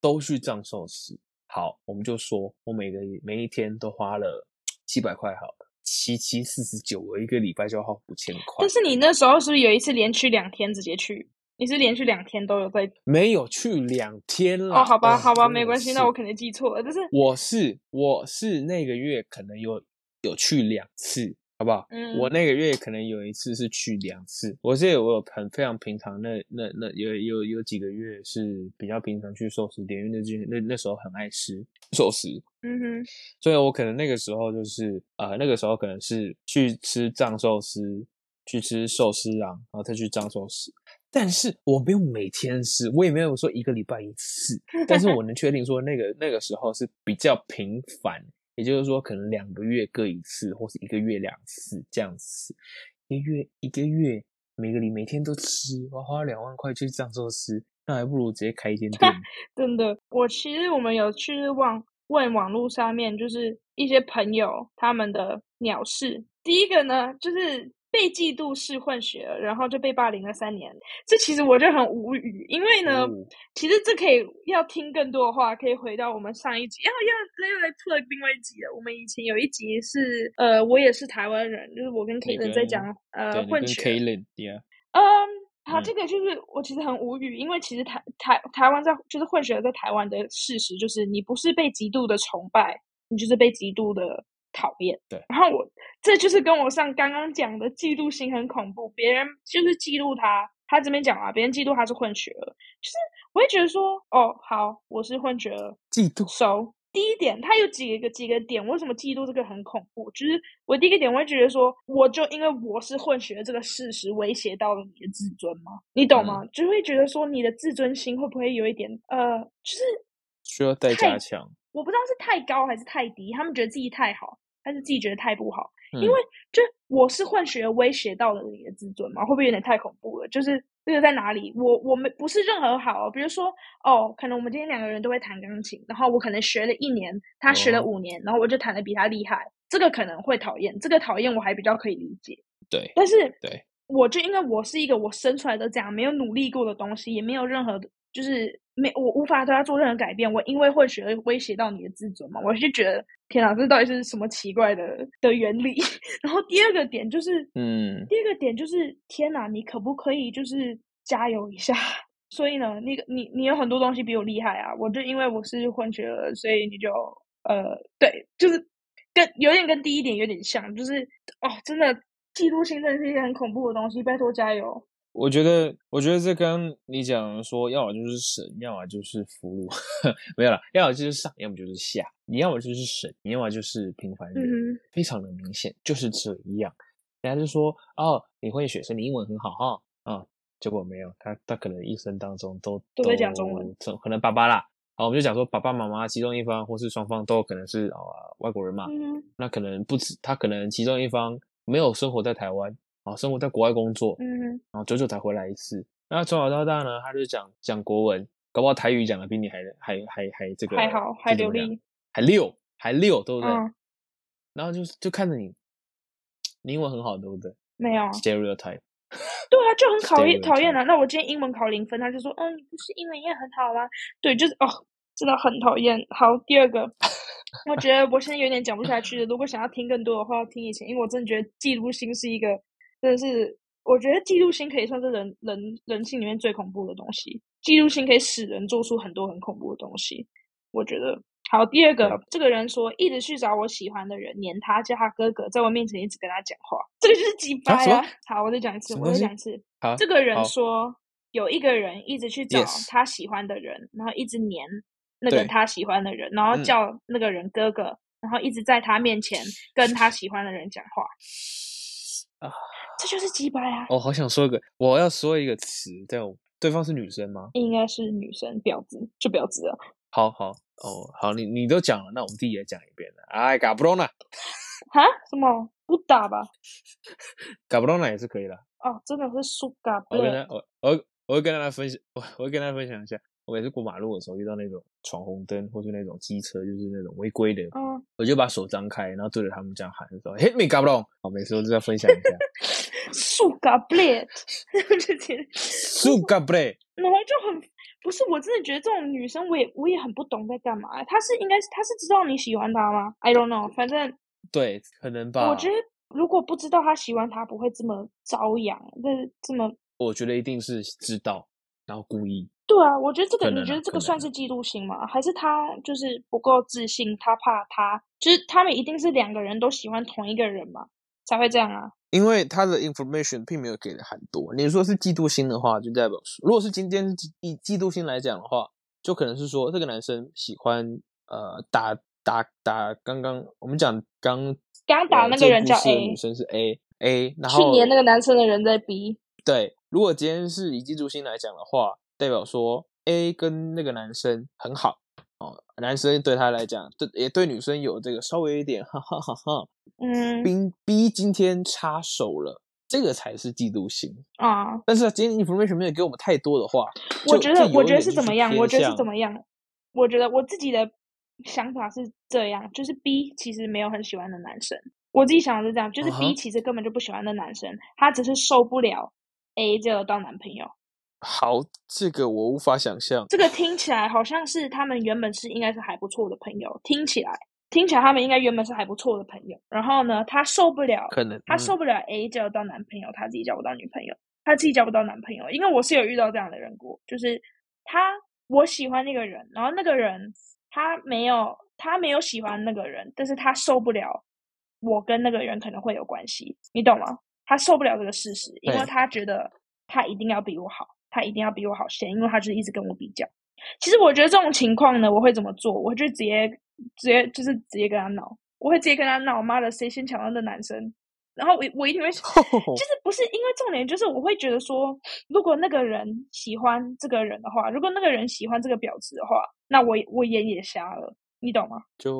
S2: 都去藏壽司。好，我們就說我每個每一天都花了七百塊好了，好七七四十九，49，我一個禮拜就要花五千塊。
S1: 但是你那時候是不是有一次連去兩天，直接去？你是連續兩天都有在？
S2: 沒有去兩天了。哦，好吧，好吧，哦、沒關係。是那我
S1: 肯定記錯了，就是
S2: 我是我是那個月可能有有去兩次，好不好？嗯，我那個月可能有一次是去兩次。我是我有很非常平常那，那那那有有有幾個月是比較平常去壽司店，因為那那那時候很愛吃壽司。
S3: 嗯
S2: 哼，所以我可能那個時候就是啊、呃，那個時候可能是去吃藏壽司，去吃壽司郎，然後再去藏壽司。
S3: 但是我沒有
S2: 每天吃，我也沒有說一個禮拜一次。但是我能確定說那個 那個時候是比較頻繁，也就是說可能兩個月各一次，或是一個月兩次這樣子。一個月一個月每個禮每天都吃，我花兩萬塊去藏壽司，那還不如直接開一間店。
S1: 真的， 我其實我們有去網問，問網絡上面，就是一些朋友他們的鳥事。第一個呢，就是。被嫉妒是混血，然後就被霸凌了三年。這其實我就很無語，因為呢，哦、其實這可以要聽更多的話，可以回到我們上一集。要後又又來出了另外一集了。我們以前有一集是呃，我也是台灣人，就是我跟 K 林在講、那個、呃、那個、K 林，
S2: 混血 Yeah.
S1: 嗯，好，這個就是我其實很無語，因為其實台、嗯、台台灣在就是混血在台灣的事實就是，你不是被極度的崇拜，你就是被極度的。討厭，對。然後我這就是跟我上剛剛講的嫉妒心很恐怖，別人就是嫉妒他，他這邊講啊，別人嫉妒他是混血兒，就是我會覺得說，哦，好，我是混血兒，嫉妒。首、So, 第一點，他有幾個幾個點，我為什麼嫉妒這個很恐怖？就是我第一個點，我會覺得說，我就因為我是混血兒這個事實威脅到了你的自尊嗎？你懂嗎？嗯、就會覺得說，你的自尊心會不會有一點呃，就是
S2: 需要再加強？
S1: 我不知道是太高還是太低，他們覺得自己太好。但是自己覺得太不好，因為就我是混血威脅到了你的自尊嘛，會不會有點太恐怖了？就是這個在哪裡？我我們不是任何好，比如說哦，可能我們今天兩個人都會彈鋼琴，然後我可能學了一年，他學了五年，然後我就彈得比他厲害，哦、這個可能會討厭，這個討厭我還比較可以理解。對，但是對，我就因為我是一個我生出來的這樣沒有努力過的東西，也沒有任何的。就是沒我無法對他做任何改變，我因為混血而威脅到你的自尊嘛，我就覺得天哪，這到底是什麼奇怪的的原理？然後第二個點就是，嗯，第二個點就是天哪，你可不可以就是加油一下？所以呢，那個你你有很多東西比我厲害啊，我就因為我是混血兒，所以你就呃，對，就是跟有點跟第一點有點像，就是哦，真的嫉妒心真的是一個很恐怖的東西，拜托加油。.
S2: 我覺得，我覺得這剛剛你講說，要麼就是神，要麼就是俘虜， 沒有啦，要麼就是上，要麼就是下，你要麼就是神，你要麼就是平凡人，嗯、哼非常的明顯，就是這樣。人家就說，哦，你會學生，生你英文很好哈，啊、哦哦，結果沒有，他他可能一生當中都都在講中文，可能爸爸啦，啊，我們就講說爸爸媽媽其中一方或是雙方都可能是啊、呃、外國人嘛，嗯、哼那可能不止，他可能其中一方沒有生活在台灣，然後生活在國外工作，嗯哼，然後久久才回來一次。然後從小到大呢，他就講講國文，搞不好台語講的比你還還還還這個還好，還流利，還溜還溜，對不對？嗯、然後就就看着你，你英文很好，對不對？沒有 stereotype，
S1: 對啊，就很討厭討厭啊。那我今天英文考零分，他就說：“嗯，你不是英文也很好嗎、啊？”對，就是哦，真的很討厭。好，第二個， 我覺得我現在有點講不下去了。如果想要聽更多的話，聽以前，因為我真的覺得嫉妒心是一個。但是，我覺得嫉妒心可以算是人人人性裡面最恐怖的東西。嫉妒心可以使人做出很多很恐怖的東西。我覺得。好，第二個，Yeah. 這個人說一直去找我喜歡的人，黏他，叫他哥哥，在我面前一直跟他講話，這個就是機掰啊。啊好，我再講一次，我再講一次。啊、這個人說好有一個人一直去找他喜歡的人，Yes. 然後一直黏那個他喜歡的人，對然後叫那個人哥哥，嗯、然後一直在他面前跟他喜歡的人講話啊。這就是雞
S2: 巴呀！哦，好想說一個，我要說一個詞。叫對，對方是女生嗎？
S1: 應該是女生，婊子就婊子了。
S2: 好好哦，好，你你都講了，那我們自己也講一遍了。哎，搞不懂了。
S1: 哈？什麼？不打吧？
S2: 搞不懂了也是可以了。
S1: 哦，真的會說搞不懂。
S2: 我跟大家，我我會跟大家分享，我我會跟大家分享一下。我每次過馬路的時候，遇到那種闖紅燈，或是那種機車，就是那種違規的，嗯、我就把手張開，然後對着他們這樣喊說、嗯、：“Hit me，搞不懂。”好，每次我都要分享一下。
S1: Sugar Blade， bl 我就
S2: 覺 Sugar Blade
S1: 本來就很不是，我真的覺得這種女生，我也我也很不懂在幹嘛。她是應該是她是知道你喜歡她嗎？I don't know，反正
S2: 對，可能吧。我覺
S1: 得如果不知道她喜歡他，不會這麼張揚，這這麼，
S2: 我覺得一定是知道，然後故
S3: 意。
S1: 對啊，我覺得這個，啊、你覺得這個算是嫉妒心嗎？可能。還是他就是不夠自信，他怕他，就是他們一定是兩個人都喜歡同一個人嘛，才會這樣啊？
S2: 因為他的 information 並沒有給的很多，你說是嫉妒心的話，就代表說如果是今天以嫉妒心來講的話，就可能是說這個男生喜歡呃打打打，剛剛我們講剛剛打、呃、那個人叫 A 女生是 A A，然後去年那
S1: 個男生的人在 B。
S2: 對，如果今天是以嫉妒心來講的話，代表說 A 跟那個男生很好。哦，男生對他來講，對也對女生有這個稍微有點，哈哈哈。
S3: 哈、嗯。
S2: 嗯，B B 今天插手了，這個才是嫉妒心啊。但是今天你為什麼沒有給我們太多的話？我覺得，我覺得是怎麼樣？我覺得是怎
S1: 麼樣？我覺得我自己的想法是這樣，就是 B 其實沒有很喜歡的男生，我自己想的是這樣，就是 B 其實根本就不喜歡的男生，啊、他只是受不了 A 這個當男朋友。
S2: 好，這個我無法想象這
S1: 個聽起來好像是他們原本是應該是還不錯的朋友，聽起來，聽起來他們應該原本是還不錯的朋友。然後呢，他受不了，可能、嗯、他受不了 A 交到男朋友，他自己交不到女朋友，他自己交不到男朋友。因為我是有遇到這樣的人過，就是他，我喜歡那個人，然後那個人他沒有，他沒有喜歡那個人，但是他受不了我跟那個人可能會有關係，你懂嗎？他受不了這個事實，因為他覺得他一定要比我好。哎他一定要比我好先，因為他就是一直跟我比較。其實我覺得這種情況呢，我會怎麼做？我就直接直接就是直接跟他鬧，我會直接跟他鬧。我媽的，誰先搶到的男生？然後我我一定會說，就是不是因為重點，就是我會覺得說，如果那個人喜歡這個人的話，如果那個人喜歡這個婊子的話，那我我眼也，也瞎了，你懂嗎？
S2: 就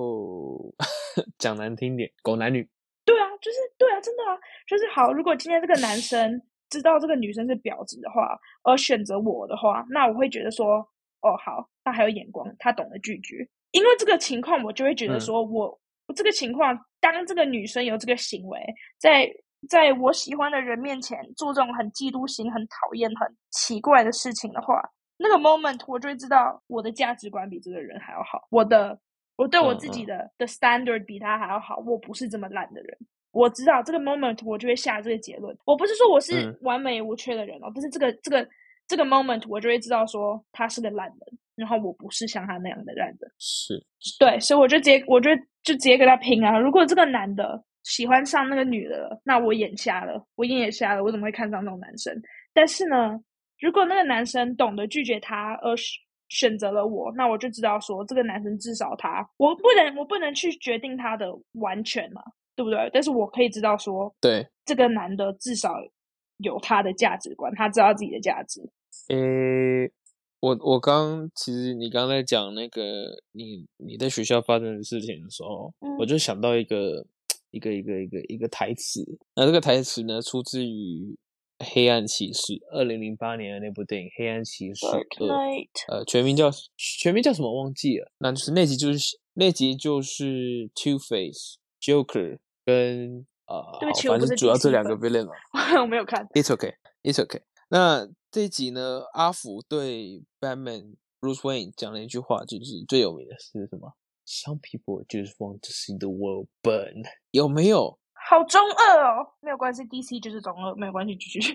S2: 講難聽點，狗男女。
S1: 對啊，就是對啊，真的啊，就是好。如果今天這個男生。 知道這個女生是婊子的話，而選擇我的話，那我會覺得說，哦，好，他還有眼光，他懂得拒絕。因為這個情況，我就會覺得說我，我、嗯、這個情況，當這個女生有這個行為，在在我喜歡的人面前做這種很嫉妒心、很討厭、很奇怪的事情的話，那個 moment 我就會知道，我的價值觀比這個人還要好，我的我對我自己的的、嗯、standard 比他還要好，我不是這麼爛的人。我知道這個 moment 我就會下這個結論。我不是說我是完美無缺的人哦，嗯、但是這個這個這個 moment 我就會知道說他是個爛人，然後我不是像他那樣的爛人。是，對，所以我就直接，我就就直接跟他拼啊。如果這個男的喜歡上那個女的了，那我眼瞎了，我一眼瞎了，了，我怎麼會看上那種男生？但是呢，如果那個男生懂得拒絕他，而選擇了我，那我就知道說這個男生至少他，我不能，我不能去決定他的完全嘛。對不對？但是我可以知道說，對，這個男的至少有他的價值觀，他知道自己的價值。
S3: 呃、欸，
S2: 我我剛其實你剛才講那個你你在學校發生的事情的時候，嗯、我就想到一個一個一個一個一個台詞。那這個台詞呢，出自於《黑暗騎士》二零零八年的那部電影《黑暗騎士》。對。呃，全名叫全名叫什麼忘記了？那就是那集就是那集就是 Two Face Joker。跟啊，呃、對不起，反正主要這兩個 villain，我沒有看。It's okay, it's okay。那這一集呢，阿福對 Batman, Bruce Wayne 講了一句話，就是最有名的是什麼？Some people just want to see the world burn。有沒有？
S1: 好中二哦，沒有關係，DC 就是中二，沒有關係，繼續。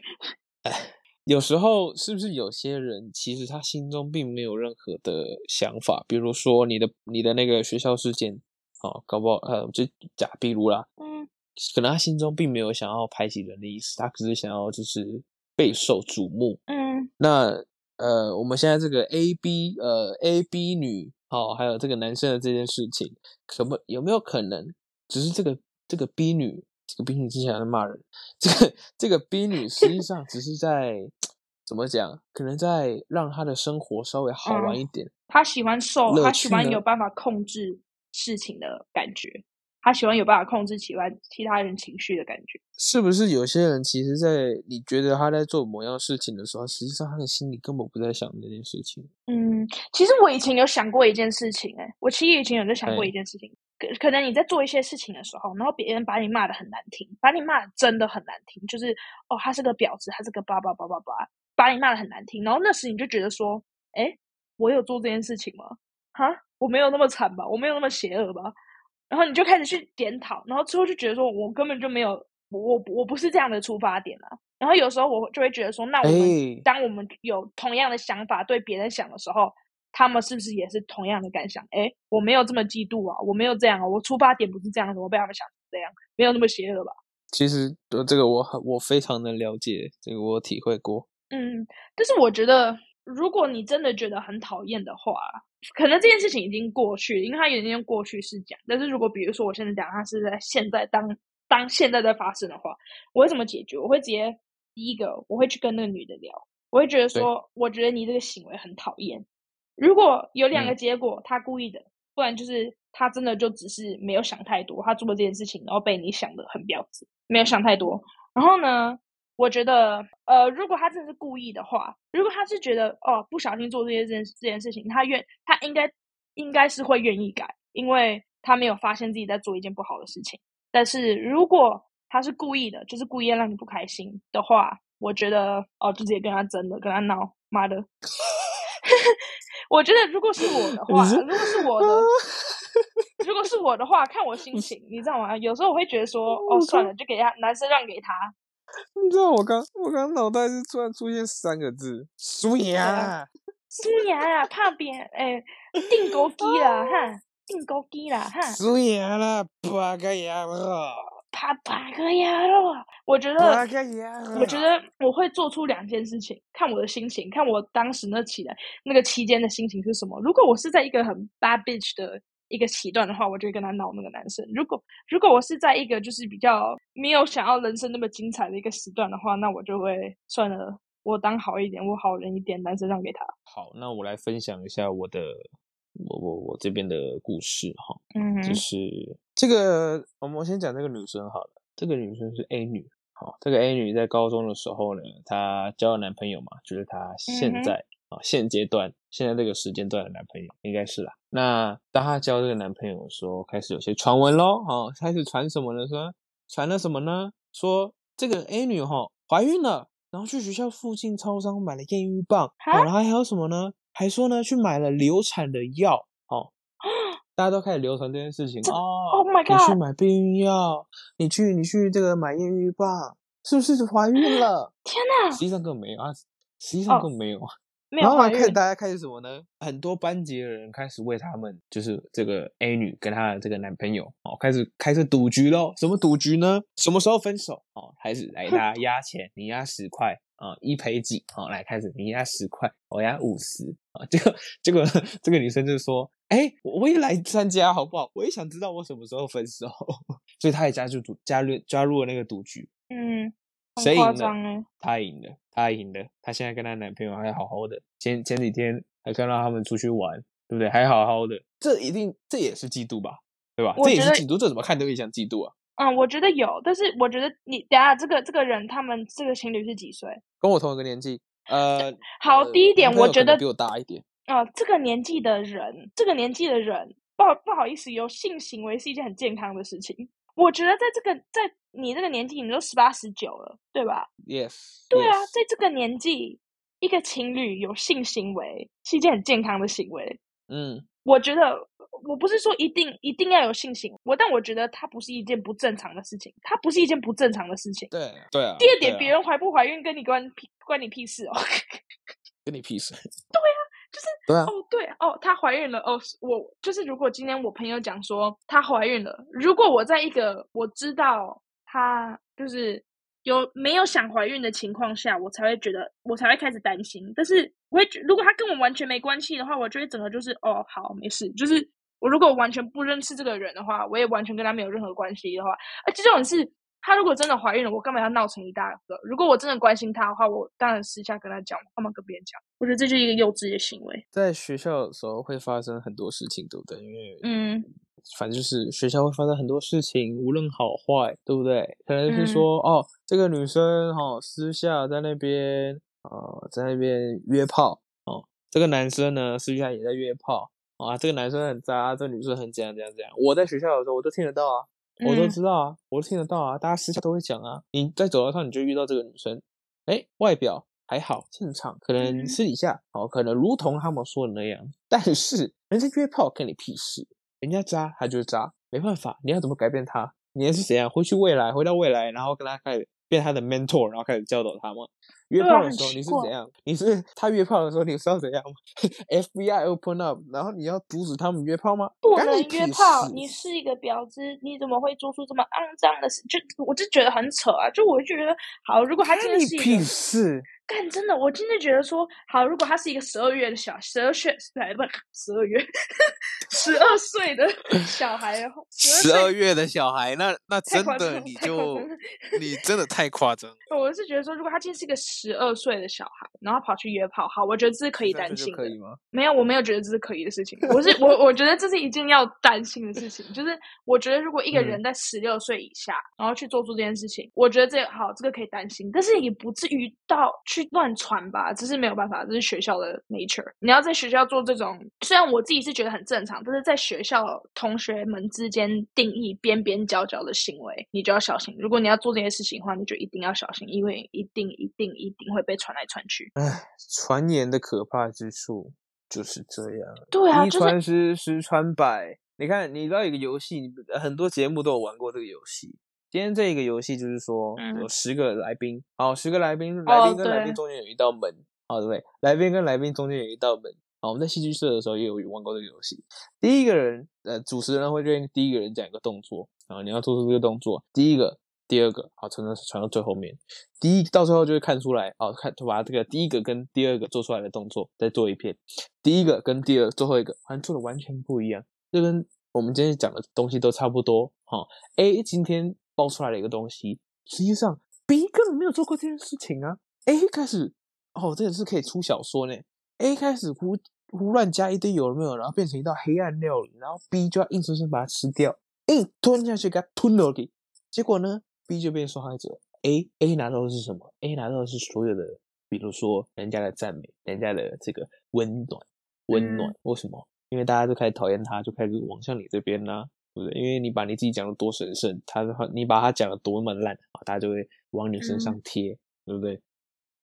S1: 哎，
S2: 有時候是不是有些人其實他心中並沒有任何的想法？比如說你的你的那個學校事件。哦，搞不好，呃，就假比如啦，
S3: 嗯，
S2: 可能他心中並沒有想要排擠人的意思，他只是想要就是備受矚目，嗯。那呃，我們現在這個 A B 呃 A B 女，好、哦，還有這個男生的這件事情，可不有沒有可能，只是這個這個 B 女，這個 B 女之前還在罵人，這個這個 B 女實際上只是在 怎麼講，可能在讓她的生活稍微好玩一點。
S1: 她、嗯、喜歡瘦，她喜歡有辦法控制。事情的感覺，他喜歡有辦法控制起來其他人情緒的感覺。
S2: 是不是有些人其實，在你覺得他在做某樣事情的時候，實際上他的心裡根本不在想那
S3: 件事情？嗯，
S1: 其實我以前有想過一件事情，欸，哎，我其實以前有在想過一件事情。對可可能你在做一些事情的時候，然後別人把你罵得很難聽，把你罵得真的很難聽，就是哦，他是個婊子，他是個叭叭叭叭叭，把你罵得很難聽。然後那時你就覺得說，哎，我有做這件事情嗎？哈？我沒有那麼慘吧？我沒有那麼邪惡吧？然後你就開始去檢討，然後之後就覺得說，我根本就沒有，我我不是這樣的出發點啊。然後有時候我就會覺得說，那我們、欸、當我們有同樣的想法對別人想的時候，他們是不是也是同樣的感想？誒、欸，我沒有這麼嫉妒啊，我沒有這樣啊，我出發點不是這樣子，我被他們想成這樣，沒有那麼邪惡吧？
S2: 其實這個我我非常的了解，這個我體會過。
S1: 嗯，但是我覺得。如果你真的覺得很討厭的話，可能這件事情已經過去，因為他已經用過去式講。但是如果比如說我現在講他是在現在當當現在在發生的話，我會怎麼解決？我會直接第一個，我會去跟那個女的聊，我會覺得說，對我覺得你這個行為很討厭。如果有兩個結果，嗯、他故意的，不然就是他真的就只是沒有想太多，他做的這件事情，然後被你想得很婊子，沒有想太多。然後呢？我覺得，呃，如果他真的是故意的話，如果他是覺得哦，不小心做這些這件事情，他願他應該應該是會願意改，因為他沒有發現自己在做一件不好的事情。但是如果他是故意的，就是故意讓你不開心的話，我覺得哦直接，就是，跟他爭了，跟他鬧，媽的！ 我覺得如果是我的話，如果是我的，如果是我的話，看我心情，你知道嗎？有時候我會覺得說，哦，算了，就給他，男生讓給他。
S2: 你知道我剛，我剛腦袋是突然出現三個字：蘇爺，
S1: 蘇爺啊，怕 扁誒，定高低了哈，定高機了哈，
S3: 蘇爺了八個爺了，
S1: 怕八個爺了。我覺得八個爺了，我覺得我會做出兩件事情，看我的心情，看我當時那期的那個期間的心情是什麼。如果我是在一個很 bad bitch 的。一個時段的話，我就會跟他鬧那個男生。如果如果我是在一個就是比較沒有想要人生那麼精彩的一個時段的話，那我就會算了，我當好一點，我好人一點，男生讓給他。
S2: 好，那我來分享一下我的我我我,我這邊的故事哈。嗯
S1: 哼，
S3: 就
S2: 是這個，我們先講這個女生好了。這個女生是 A 女，好，這個 A 女在高中的時候呢，她交了男朋友嘛，就是她現在。嗯哦，現階段現在這個時間段的男朋友應該是啦、啊。那當他交這個男朋友的時候開始有些傳聞咯。哦，開始傳什麼了？說傳了什麼呢？說這個 A 女哈懷孕了，然後去學校附近超商買了驗孕棒哈、哦，然後還有什麼呢？還說呢，去買了流產的藥。哦，大家都開始流傳這件事情這哦、oh my God。你去買避孕藥，你去你去這個買驗孕棒，是不是就懷孕了？天哪！實際上更沒有啊，實際上更沒有啊。Oh. 然後來、啊、看大家開始什麼呢？很多班級的人開始為他們就是這個 A 女跟她的這個男朋友哦，開始開設賭局嘍。什麼賭局呢？什麼時候分手哦？開始來大家押錢，你押十塊啊、嗯，一賠幾？好、哦，來開始，你押十塊，我押五十啊。這個這個這個女生就說：“哎，我也來參加好不好？我也想知道我什麼時候分手。”所以她也加入賭，加入加入了那個賭局。
S3: 嗯。欸、誰贏了？
S2: 她贏了，她贏了。她現在跟她男朋友還好好的，前前幾天還看到他們出去玩，對不對？還好好的，這一定這也是嫉妒吧，對吧？這也是嫉妒，這怎麼看都像嫉妒
S1: 啊。嗯，我覺得有，但是我覺得你等下這個這個人，他們這個情侶是幾歲？
S2: 跟我同一個年紀。呃，
S1: 好，呃、第一點，我覺得比我大一點。啊、呃，這個年紀的人，這個年紀的人，不不好意思，有性行為是一件很健康的事情。我覺得在這個在你這個年紀，你都十八十九了，對吧
S3: ？Yes。對啊，Yes。在
S1: 這個年紀，一個情侶有性行為是一件很健康的行為。
S3: 嗯，
S1: 我覺得我不是說一定一定要有性行為，我但我覺得它不是一件不正常的事情，它不是一件不正常的事情。對對啊。第二點，啊、別人懷不懷孕跟你關關你屁事哦，
S2: 跟你屁事。對啊。
S1: 就是哦對、啊、哦，她懷孕了哦。我就是如果今天我朋友講說她懷孕了，如果我在一個我知道她就是有沒有想懷孕的情況下，我才會覺得我才會開始擔心。但是我會，覺，如果她跟我完全沒關係的話，我就會整個就是哦好沒事。就是我如果我完全不認識這個人的話，我也完全跟她沒有任何關係的話，而且這種事。她如果真的懷孕了，我幹嘛要鬧成一大個？如果我真的關心她的話，我當然私下跟她講，我干嘛跟別人講。我覺得這就是一個幼稚的行
S3: 為。
S2: 在學校的時候會發生很多事情，對不對？因為嗯，反正就是學校會發生很多事情，無論好壞，對不對？可能就是說，嗯、哦，這個女生哈、哦、私下在那邊啊、呃，在那邊約炮哦，這個男生呢私下也在約炮、哦、啊，這個男生很渣，啊、這個女生很怎樣怎樣怎樣。我在學校的時候我都聽得到啊。我都知道啊，我都聽得到啊，大家私下都會講啊。你在走廊上你就遇到這個女生，誒，外表還好正常，可能私底下哦，可能如同他們說的那樣。但是人家約炮跟你屁事，人家渣他就是渣，沒辦法，你要怎麼改變他？你還是怎樣、啊、回去未來，回到未來，然後跟他開始變他的 mentor，然後開始教導他嗎？約炮的時候你是怎樣？你是他約炮的時候你是要怎樣嗎 ？FBI open up，然後你要阻止他們約炮嗎？不能約炮，
S1: 你是一個婊子，你怎麼會做出這麼骯髒的事？就我就覺得很扯啊！就我就覺得，好，如果他真的是一個你屁事幹，真的，我真的覺得說，好，如果他是一個十二月的小十二歲，來吧，十二月十二歲的小孩，然後十
S2: 二月的小孩，那那真的你就 你真的太誇
S3: 張
S1: 了！我是覺得說，如果他今天是一個十二歲的小孩，然後跑去約炮，好，我覺得這是可以擔心的，這這可以嗎？沒有，我沒有覺得這是可以的事情。 我是我，我覺得這是一件要擔心的事情。 就是我覺得，如果一個人在十六歲以下，然後去做出這件事情，嗯、我覺得這個、好，這個可以擔心，但是也不至於到去亂傳吧。這是沒有辦法，這是學校的 nature。你要在學校做這種，雖然我自己是覺得很正常，但是在學校同學們之間定義邊邊角角的行為，你就要小心。如果你要做這些事情的話，你就一定要小心，因為一定一定一定。一定會被傳來傳去。
S2: 唉、哎，傳言的可怕之
S3: 處就是這樣。
S1: 對啊，就是、一傳
S2: 十，十傳百。你看，你知道一個遊戲，你很多節目都有玩過這個遊戲。今天這一個遊戲就是說，嗯、有十個來賓，好，十個來賓，來賓跟來賓中間有一道門，好、哦哦，對，來賓跟來賓中間有一道門。好，我們在戲劇社的時候也有玩過這個遊戲。第一個人，呃，主持人會對第一個人講一個動作，啊，你要做出這個動作。第一個。第二個好，才能傳到最後面，第一到最後就會看出來哦，看就把這個第一個跟第二個做出來的動作再做一遍。第一個跟第二最後一個好像做的完全不一樣，這跟我們今天講的東西都差不多哈。A 今天爆出來的一個東西，實際上 B 根本沒有做過這件事情啊。A 開始哦，這也是可以出小說呢。A 開始胡胡亂加一堆油有沒有，然後變成一道黑暗料理，然後 B 就要硬生生把它吃掉，硬吞下去給它吞了給。結果呢？B 就變受害者，A A 拿到的是什麼？A 拿到的是所有的，比如說人家的讚美，人家的這個溫暖，
S3: 溫暖
S2: 為、嗯、什麼？因為大家都開始討厭他，就開始往向你這邊啦、啊，對不對？因為你把你自己講的多神聖，他的話你把他講的多麼爛啊，大家就會往你身上貼，嗯、對不對？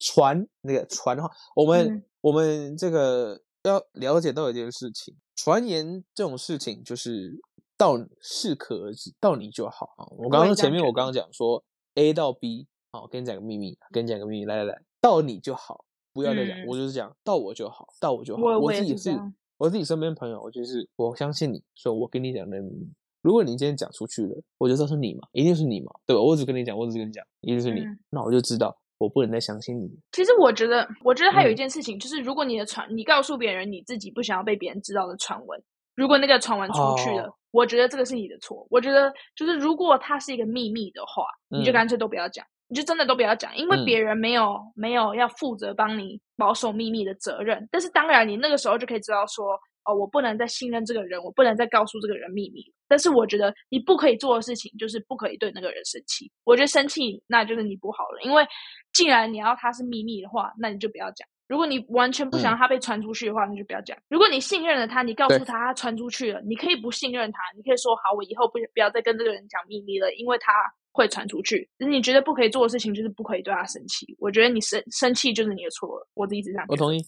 S2: 傳那、這個傳的話，我們、嗯、我們這個要了解到一件事情，傳言這種事情就是。到適可而止，到你就好啊！我剛剛前面我剛剛講說 A 到 B，好，我跟你講個秘密，跟你講個秘密，來來來到你就好，不要再講，嗯、我就是講到我就好，到我就好，我,我自己是，我,是我自己身邊朋友，我就是我相信你所以我跟你講的秘密，如果你今天講出去了，我就知道是你嘛，一定是你嘛，對吧？我只跟你講，我只跟你講，一定是你，嗯、那我就知道我不能再相信你。
S1: 其實我覺得，我覺得還有一件事情，就是如果你的傳，嗯、你告訴別人你自己不想要被別人知道的傳聞，如果那個傳聞出去了。哦我覺得這個是你的錯。我覺得就是，如果他是一個秘密的話，你就乾脆都不要講，嗯、你就真的都不要講，因為別人沒有、嗯、沒有要負責幫你保守秘密的責任。但是當然，你那個時候就可以知道說，哦，我不能再信任這個人，我不能再告訴這個人秘密。但是我覺得你不可以做的事情就是不可以對那個人生氣。我覺得生氣那就是你不好了，因為既然你要他是秘密的話，那你就不要講。如果你完全不想他被傳出去的話，那、嗯、就不要講。如果你信任了他，你告訴他，他傳出去了，對你可以不信任他，你可以說好，我以後不不要再跟這個人講秘密了，因為他會傳出去。是你覺得不可以做的事情就是不可以對他生氣。我覺得你生生氣就是你的錯了。我的意思這樣。我同意，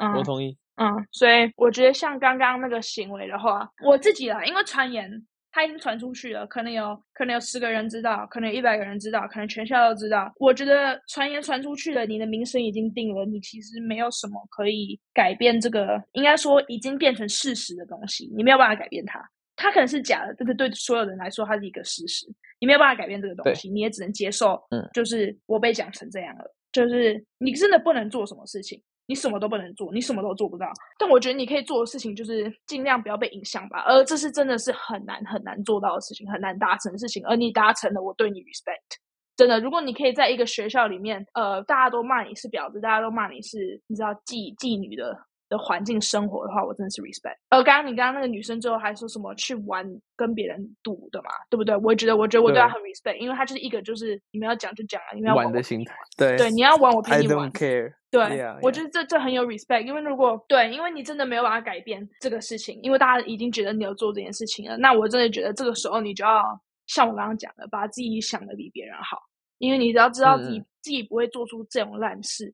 S1: 嗯，我同意，嗯，所以我覺得像剛剛那個行為的話，嗯、我自己啦，因為傳言。它已經傳出去了，可能有，可能有十個人知道，可能有一百個人知道，可能全校都知道。我覺得傳言傳出去了，你的名聲已經定了，你其實沒有什麼可以改變這個，應該說已經變成事實的東西，你沒有辦法改變它。它可能是假的，但、就是對所有人來說，它是一個事實，你沒有辦法改變這個東西，對你也只能接受，就是我被講成這樣了，嗯、就是你真的不能做什麼事情。你什麼都不能做，你什麼都做不到。但我覺得你可以做的事情就是盡量不要被影響吧。而這是真的是很難很難做到的事情，很難達成的事情。而你達成了，我對你 respect。真的，如果你可以在一個學校裡面，呃，大家都罵你是婊子，大家都罵你是，你知道，妓妓女的。的環境生活的話，我真的是 respect。呃，剛剛你剛剛那個女生最後還說什麼去玩跟別人賭的嘛，對不對？我也覺得，我覺得我對她很 respect，對因為他就是一個就是你們要講就講了，你們要玩，玩，玩
S2: 的心態，對對，I 你要玩我陪你玩，'t 對，yeah, yeah. 我覺
S1: 得這這很有 respect，因為如果對，因為你真的沒有辦法改變這個事情，因為大家已經覺得你有做這件事情了，那我真的覺得這個時候你就要像我剛剛講的，把自己想的比別人好，因為你只要知道自己、嗯、自己不會做出這種爛事。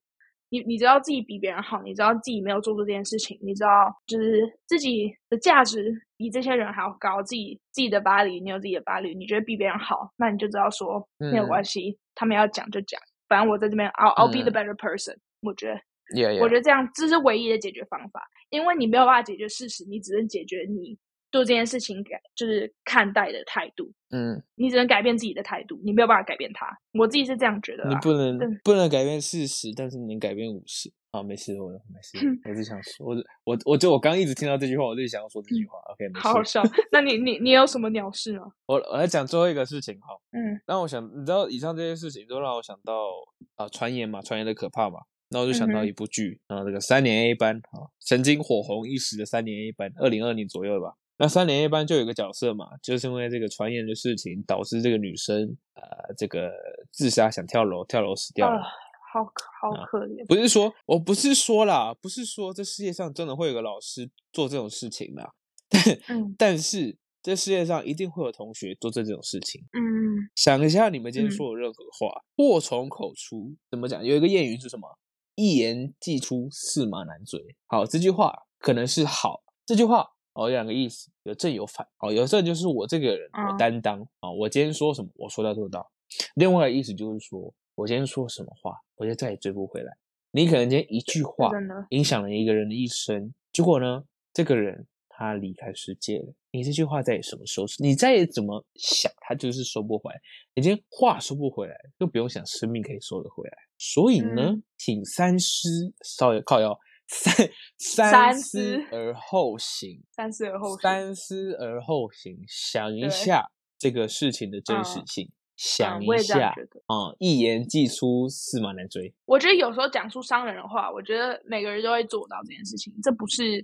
S1: 你你知道自己比別人好，你知道自己沒有做過這件事情，你知道就是自己的價值比這些人還要高，自己自己的巴黎，你有自己的巴黎，你覺得比別人好，那你就知道說，沒有關係，嗯、他們要講就講，反正我在這邊、嗯、，I I'll be the better person、嗯。我覺得，yeah, yeah. 我覺得這樣這是唯一的解決方法，因為你沒有辦法解決事實，你只能解決你。做這件事情，就是看待的態度。嗯，你只能改變自己的態度，你沒有辦法改變它。我自己是這樣覺得。你不
S2: 能、嗯、不能改變事實，但是你能改變五十啊。沒事，我沒事， 我是想說，我我我就我剛一直聽到這句話，我就想要說這句話。OK，沒事好好笑。
S1: 那你你你有什麼鳥事嗎？
S2: 我我來講最後一個事情哈。好嗯。那我想，你知道以上這些事情都讓我想到啊，傳言嘛，傳言的可怕嘛。那我就想到一部劇、嗯、哼啊，這個《三年 A 班》啊，曾經火紅一時的《三年 A 班》，二零二零左右吧。那三年一班就有一個角色嘛，就是因為這個傳言的事情，導致這個女生呃，這個自殺想跳樓，跳樓死掉了，啊、好，
S3: 好可好可憐。不
S2: 是說我不是說啦，不是說這世界上真的會有個老師做這種事情的，但、嗯、但是這世界上一定會有同學做這這種事情。嗯，想一下你們今天說的任何話，禍從、嗯、口出，怎麼講？有一個諺語是什麼？一言既出，駟馬難追。好，這句話可能是好，這句話。哦，有兩個意思，有正有反。哦，有正就是我這個人有擔當啊、哦，我今天說什麼，我說到做到。另外的意思就是說，我今天說什麼話，我就再也追不回來。你可能今天一句話影響了一個人的一生，結果呢，這個人他離開世界了。你這句話再也什麼時候，你再也怎麼想，他就是收不回來。你今天話說不回來，就不用想生命可以收得回來。所以呢，請、嗯、三思，稍微靠腰，三三思而後行，
S1: 三思而後
S2: 三思而後行，想一下這個事情的真實性，哦、想一下，嗯，一言既出駟馬難追。
S1: 我覺得有時候講出傷人的話，我覺得每個人都會做到這件事情，這不是，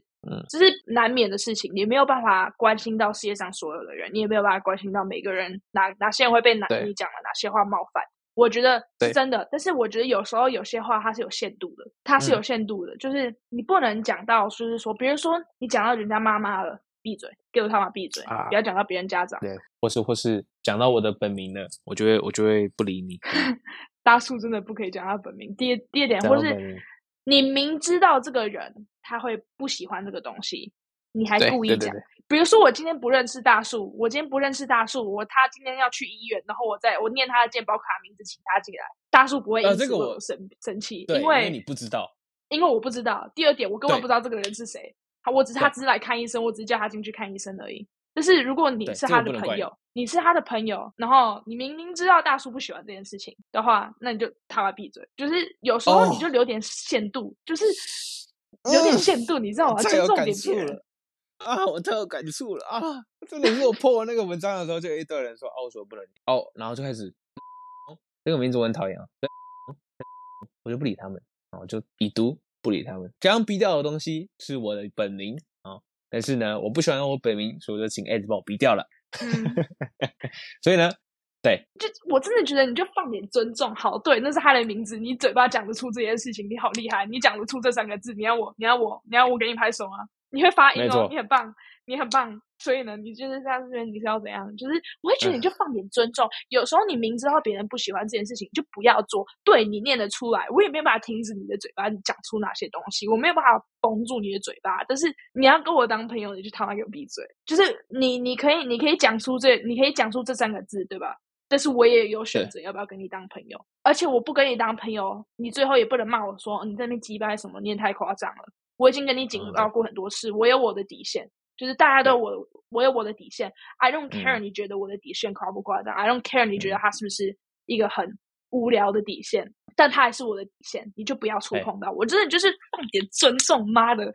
S1: 只、嗯、是難免的事情，你沒有辦法關心到世界上所有的人，你也沒有辦法關心到每個人哪哪些人會被難你對講了哪些話冒犯。我覺得是真的，對但是我覺得有時候有些話它是有限度的，它是有限度的，嗯、就是你不能講到，就是說，比如說你講到人家媽媽了，閉嘴，給我他媽閉嘴，啊、不要講到別人家長，對，
S2: 或是或是講到我的本名的，我就會我就會不理你。
S1: 大樹真的不可以講到本名。第二第二點，或是你明知道這個人他會不喜歡這個東西，你還故意講。對對對對比如說，我今天不認識大樹，我今天不認識大樹，我他今天要去醫院，然後我在我念他的健保卡名字，請他進來，大樹不會因此生生氣，因為，因為你不知道，因為我不知道。第二點，我根本不知道這個人是誰，對我只是對他只是來看醫生，我只是叫他進去看醫生而已。但是如果你是他的朋友，這個、你，你是他的朋友，然後你明明知道大樹不喜歡這件事情的話，那你就他媽閉嘴。就是有時候你就留點限度，哦、就是留點限度，呃、你知道嗎？就重點，再有感觸
S2: 了。啊，我太有感觸了啊！真的，
S1: 如果破我那個
S2: 文章的時候，就有一堆人說“哦，我說不能”， 哦，然後就開始，哦、這個名字我很討厭啊，我就不理他們啊，我、哦、就已讀不理他們。這樣逼掉的東西是我的本名啊，哦，但是呢，我不喜歡用我本名，所以我就請 Ez 把我逼掉了，嗯呵呵。所以呢，對，
S1: 就我真的覺得你就放點尊重好，對，那是他的名字，你嘴巴講得出這件事情，你好厲害，你講得出這三個字，你要我，你要我，你要我給你拍手嗎？你會發音哦，錯你很棒，你很棒。所以呢，你就是這樣，你是要怎樣？就是我會覺得你就放點尊重。嗯、有時候你明知道別人不喜歡這件事情，就不要做。對，你念得出來，我也沒有辦法停止你的嘴巴講出哪些東西，我沒有辦法封住你的嘴巴。但是你要跟我當朋友，你就他媽給我閉嘴。就是你，你可以，你可以講出這，你可以講出這三個字，對吧？但是我也有選擇要不要跟你當朋友。是而且我不跟你當朋友，你最後也不能罵我說，你在那雞掰什麼，你也太誇張了。我已經跟你警告過很多次，嗯、我有我的底線，就是大家都有我對我有我的底線。I don't care，、嗯、你覺得我的底線誇不誇張？I don't care，、嗯、你覺得他是不是一個很無聊的底線？嗯、但他還是我的底線，你就不要觸碰到我。嘿我真的就是放點尊重，媽的！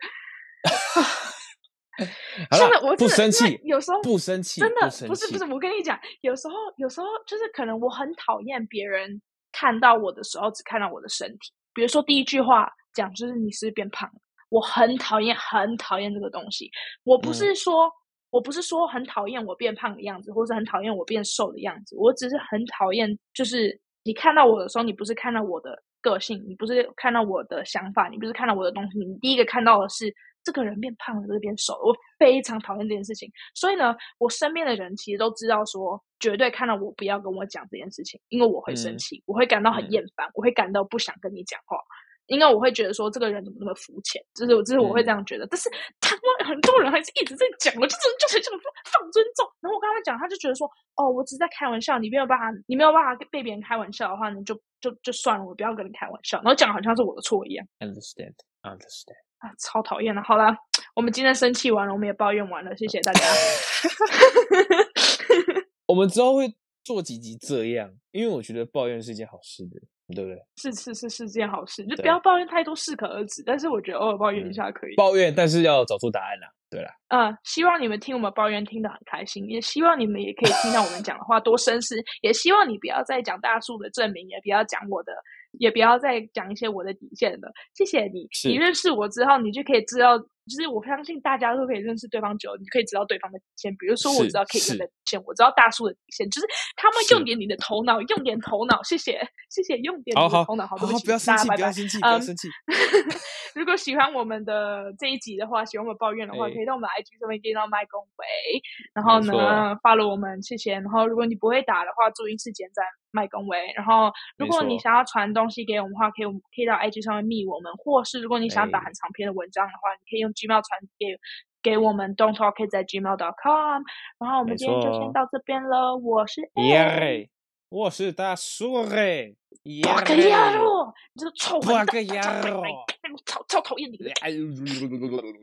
S1: 吧 真的，我不生氣，有時候不
S2: 生氣，真的不是不是。我
S1: 跟你講，有時候有時候就是可能我很討厭別人看到我的時候只看到我的身體，比如說第一句話講就是你是不是變胖了？我很討厭，很討厭這個東西。我不是說，嗯、我不是說很討厭我變胖的樣子，或是很討厭我變瘦的樣子。我只是很討厭，就是你看到我的時候，你不是看到我的個性，你不是看到我的想法，你不是看到我的東西，你第一個看到的是這個人變胖了，這個變瘦了。我非常討厭這件事情。所以呢，我身邊的人其實都知道說，說絕對看到我，不要跟我講這件事情，因為我會生氣，嗯、我會感到很厭煩，嗯、我會感到不想跟你講話。應該我會覺得說，這個人怎麼那麼膚淺？就是我就是我會這樣覺得。嗯、但是他很多人還是一直在講，我就是就是這種放尊重。然後我跟他講，他就覺得說，哦，我只是在開玩笑，你沒有辦法，你沒有辦法被別人開玩笑的話呢，就就就算了，我不要跟你開玩笑。然後講好像是我的錯一樣。Understand, understand. 啊，超討厭了。好了，我們今天生氣完了，我們也抱怨完了，謝謝大家。
S2: 我們之後會做幾集這樣，因為我覺得抱怨是一件好事的。對不
S1: 對？是是是是件好事，就不要抱怨太多，適可而止。對但是我覺得偶爾抱怨一下可以。嗯、抱
S2: 怨，但是要找出答案啦、啊。對啦。嗯、
S1: 呃，希望你們聽我們抱怨聽得很開心，也希望你們也可以聽到我們講的話 多深思。也希望你不要再講大樹的證明，也不要講我的。也不要再講一些我的底線了，謝謝你。你認識我之後，你就可以知道，就是我相信大家都可以認識對方久了，你可以知道對方的底線。比如說，我知道 K 哥的底線，我知道大叔的底線，就是他們用點你的頭腦，用點頭腦。謝謝，謝謝，用點你的頭腦，好，好，不要生氣，不要生氣，不要生氣。如果喜歡我們的這一集的話，喜歡我們抱怨的話，可以到我們 IG 上面接到麥公維，然後呢 follow 我們謝謝。然後，如果你不會打的話，做一次簡短。麥公維，然後如果你想要傳東西給我們的話可，可以到 IG 上面密我們，或是如果你想打很長篇的文章的話，欸、你可以用 Gmail 傳給,給我們，don't talk kids at gmail dot com。然後我們今天就先到這邊了。我是 Ez
S2: 我是大樹瑞，八格
S1: 牙路，你這臭八格臭混
S3: 蛋，我超超討厭你！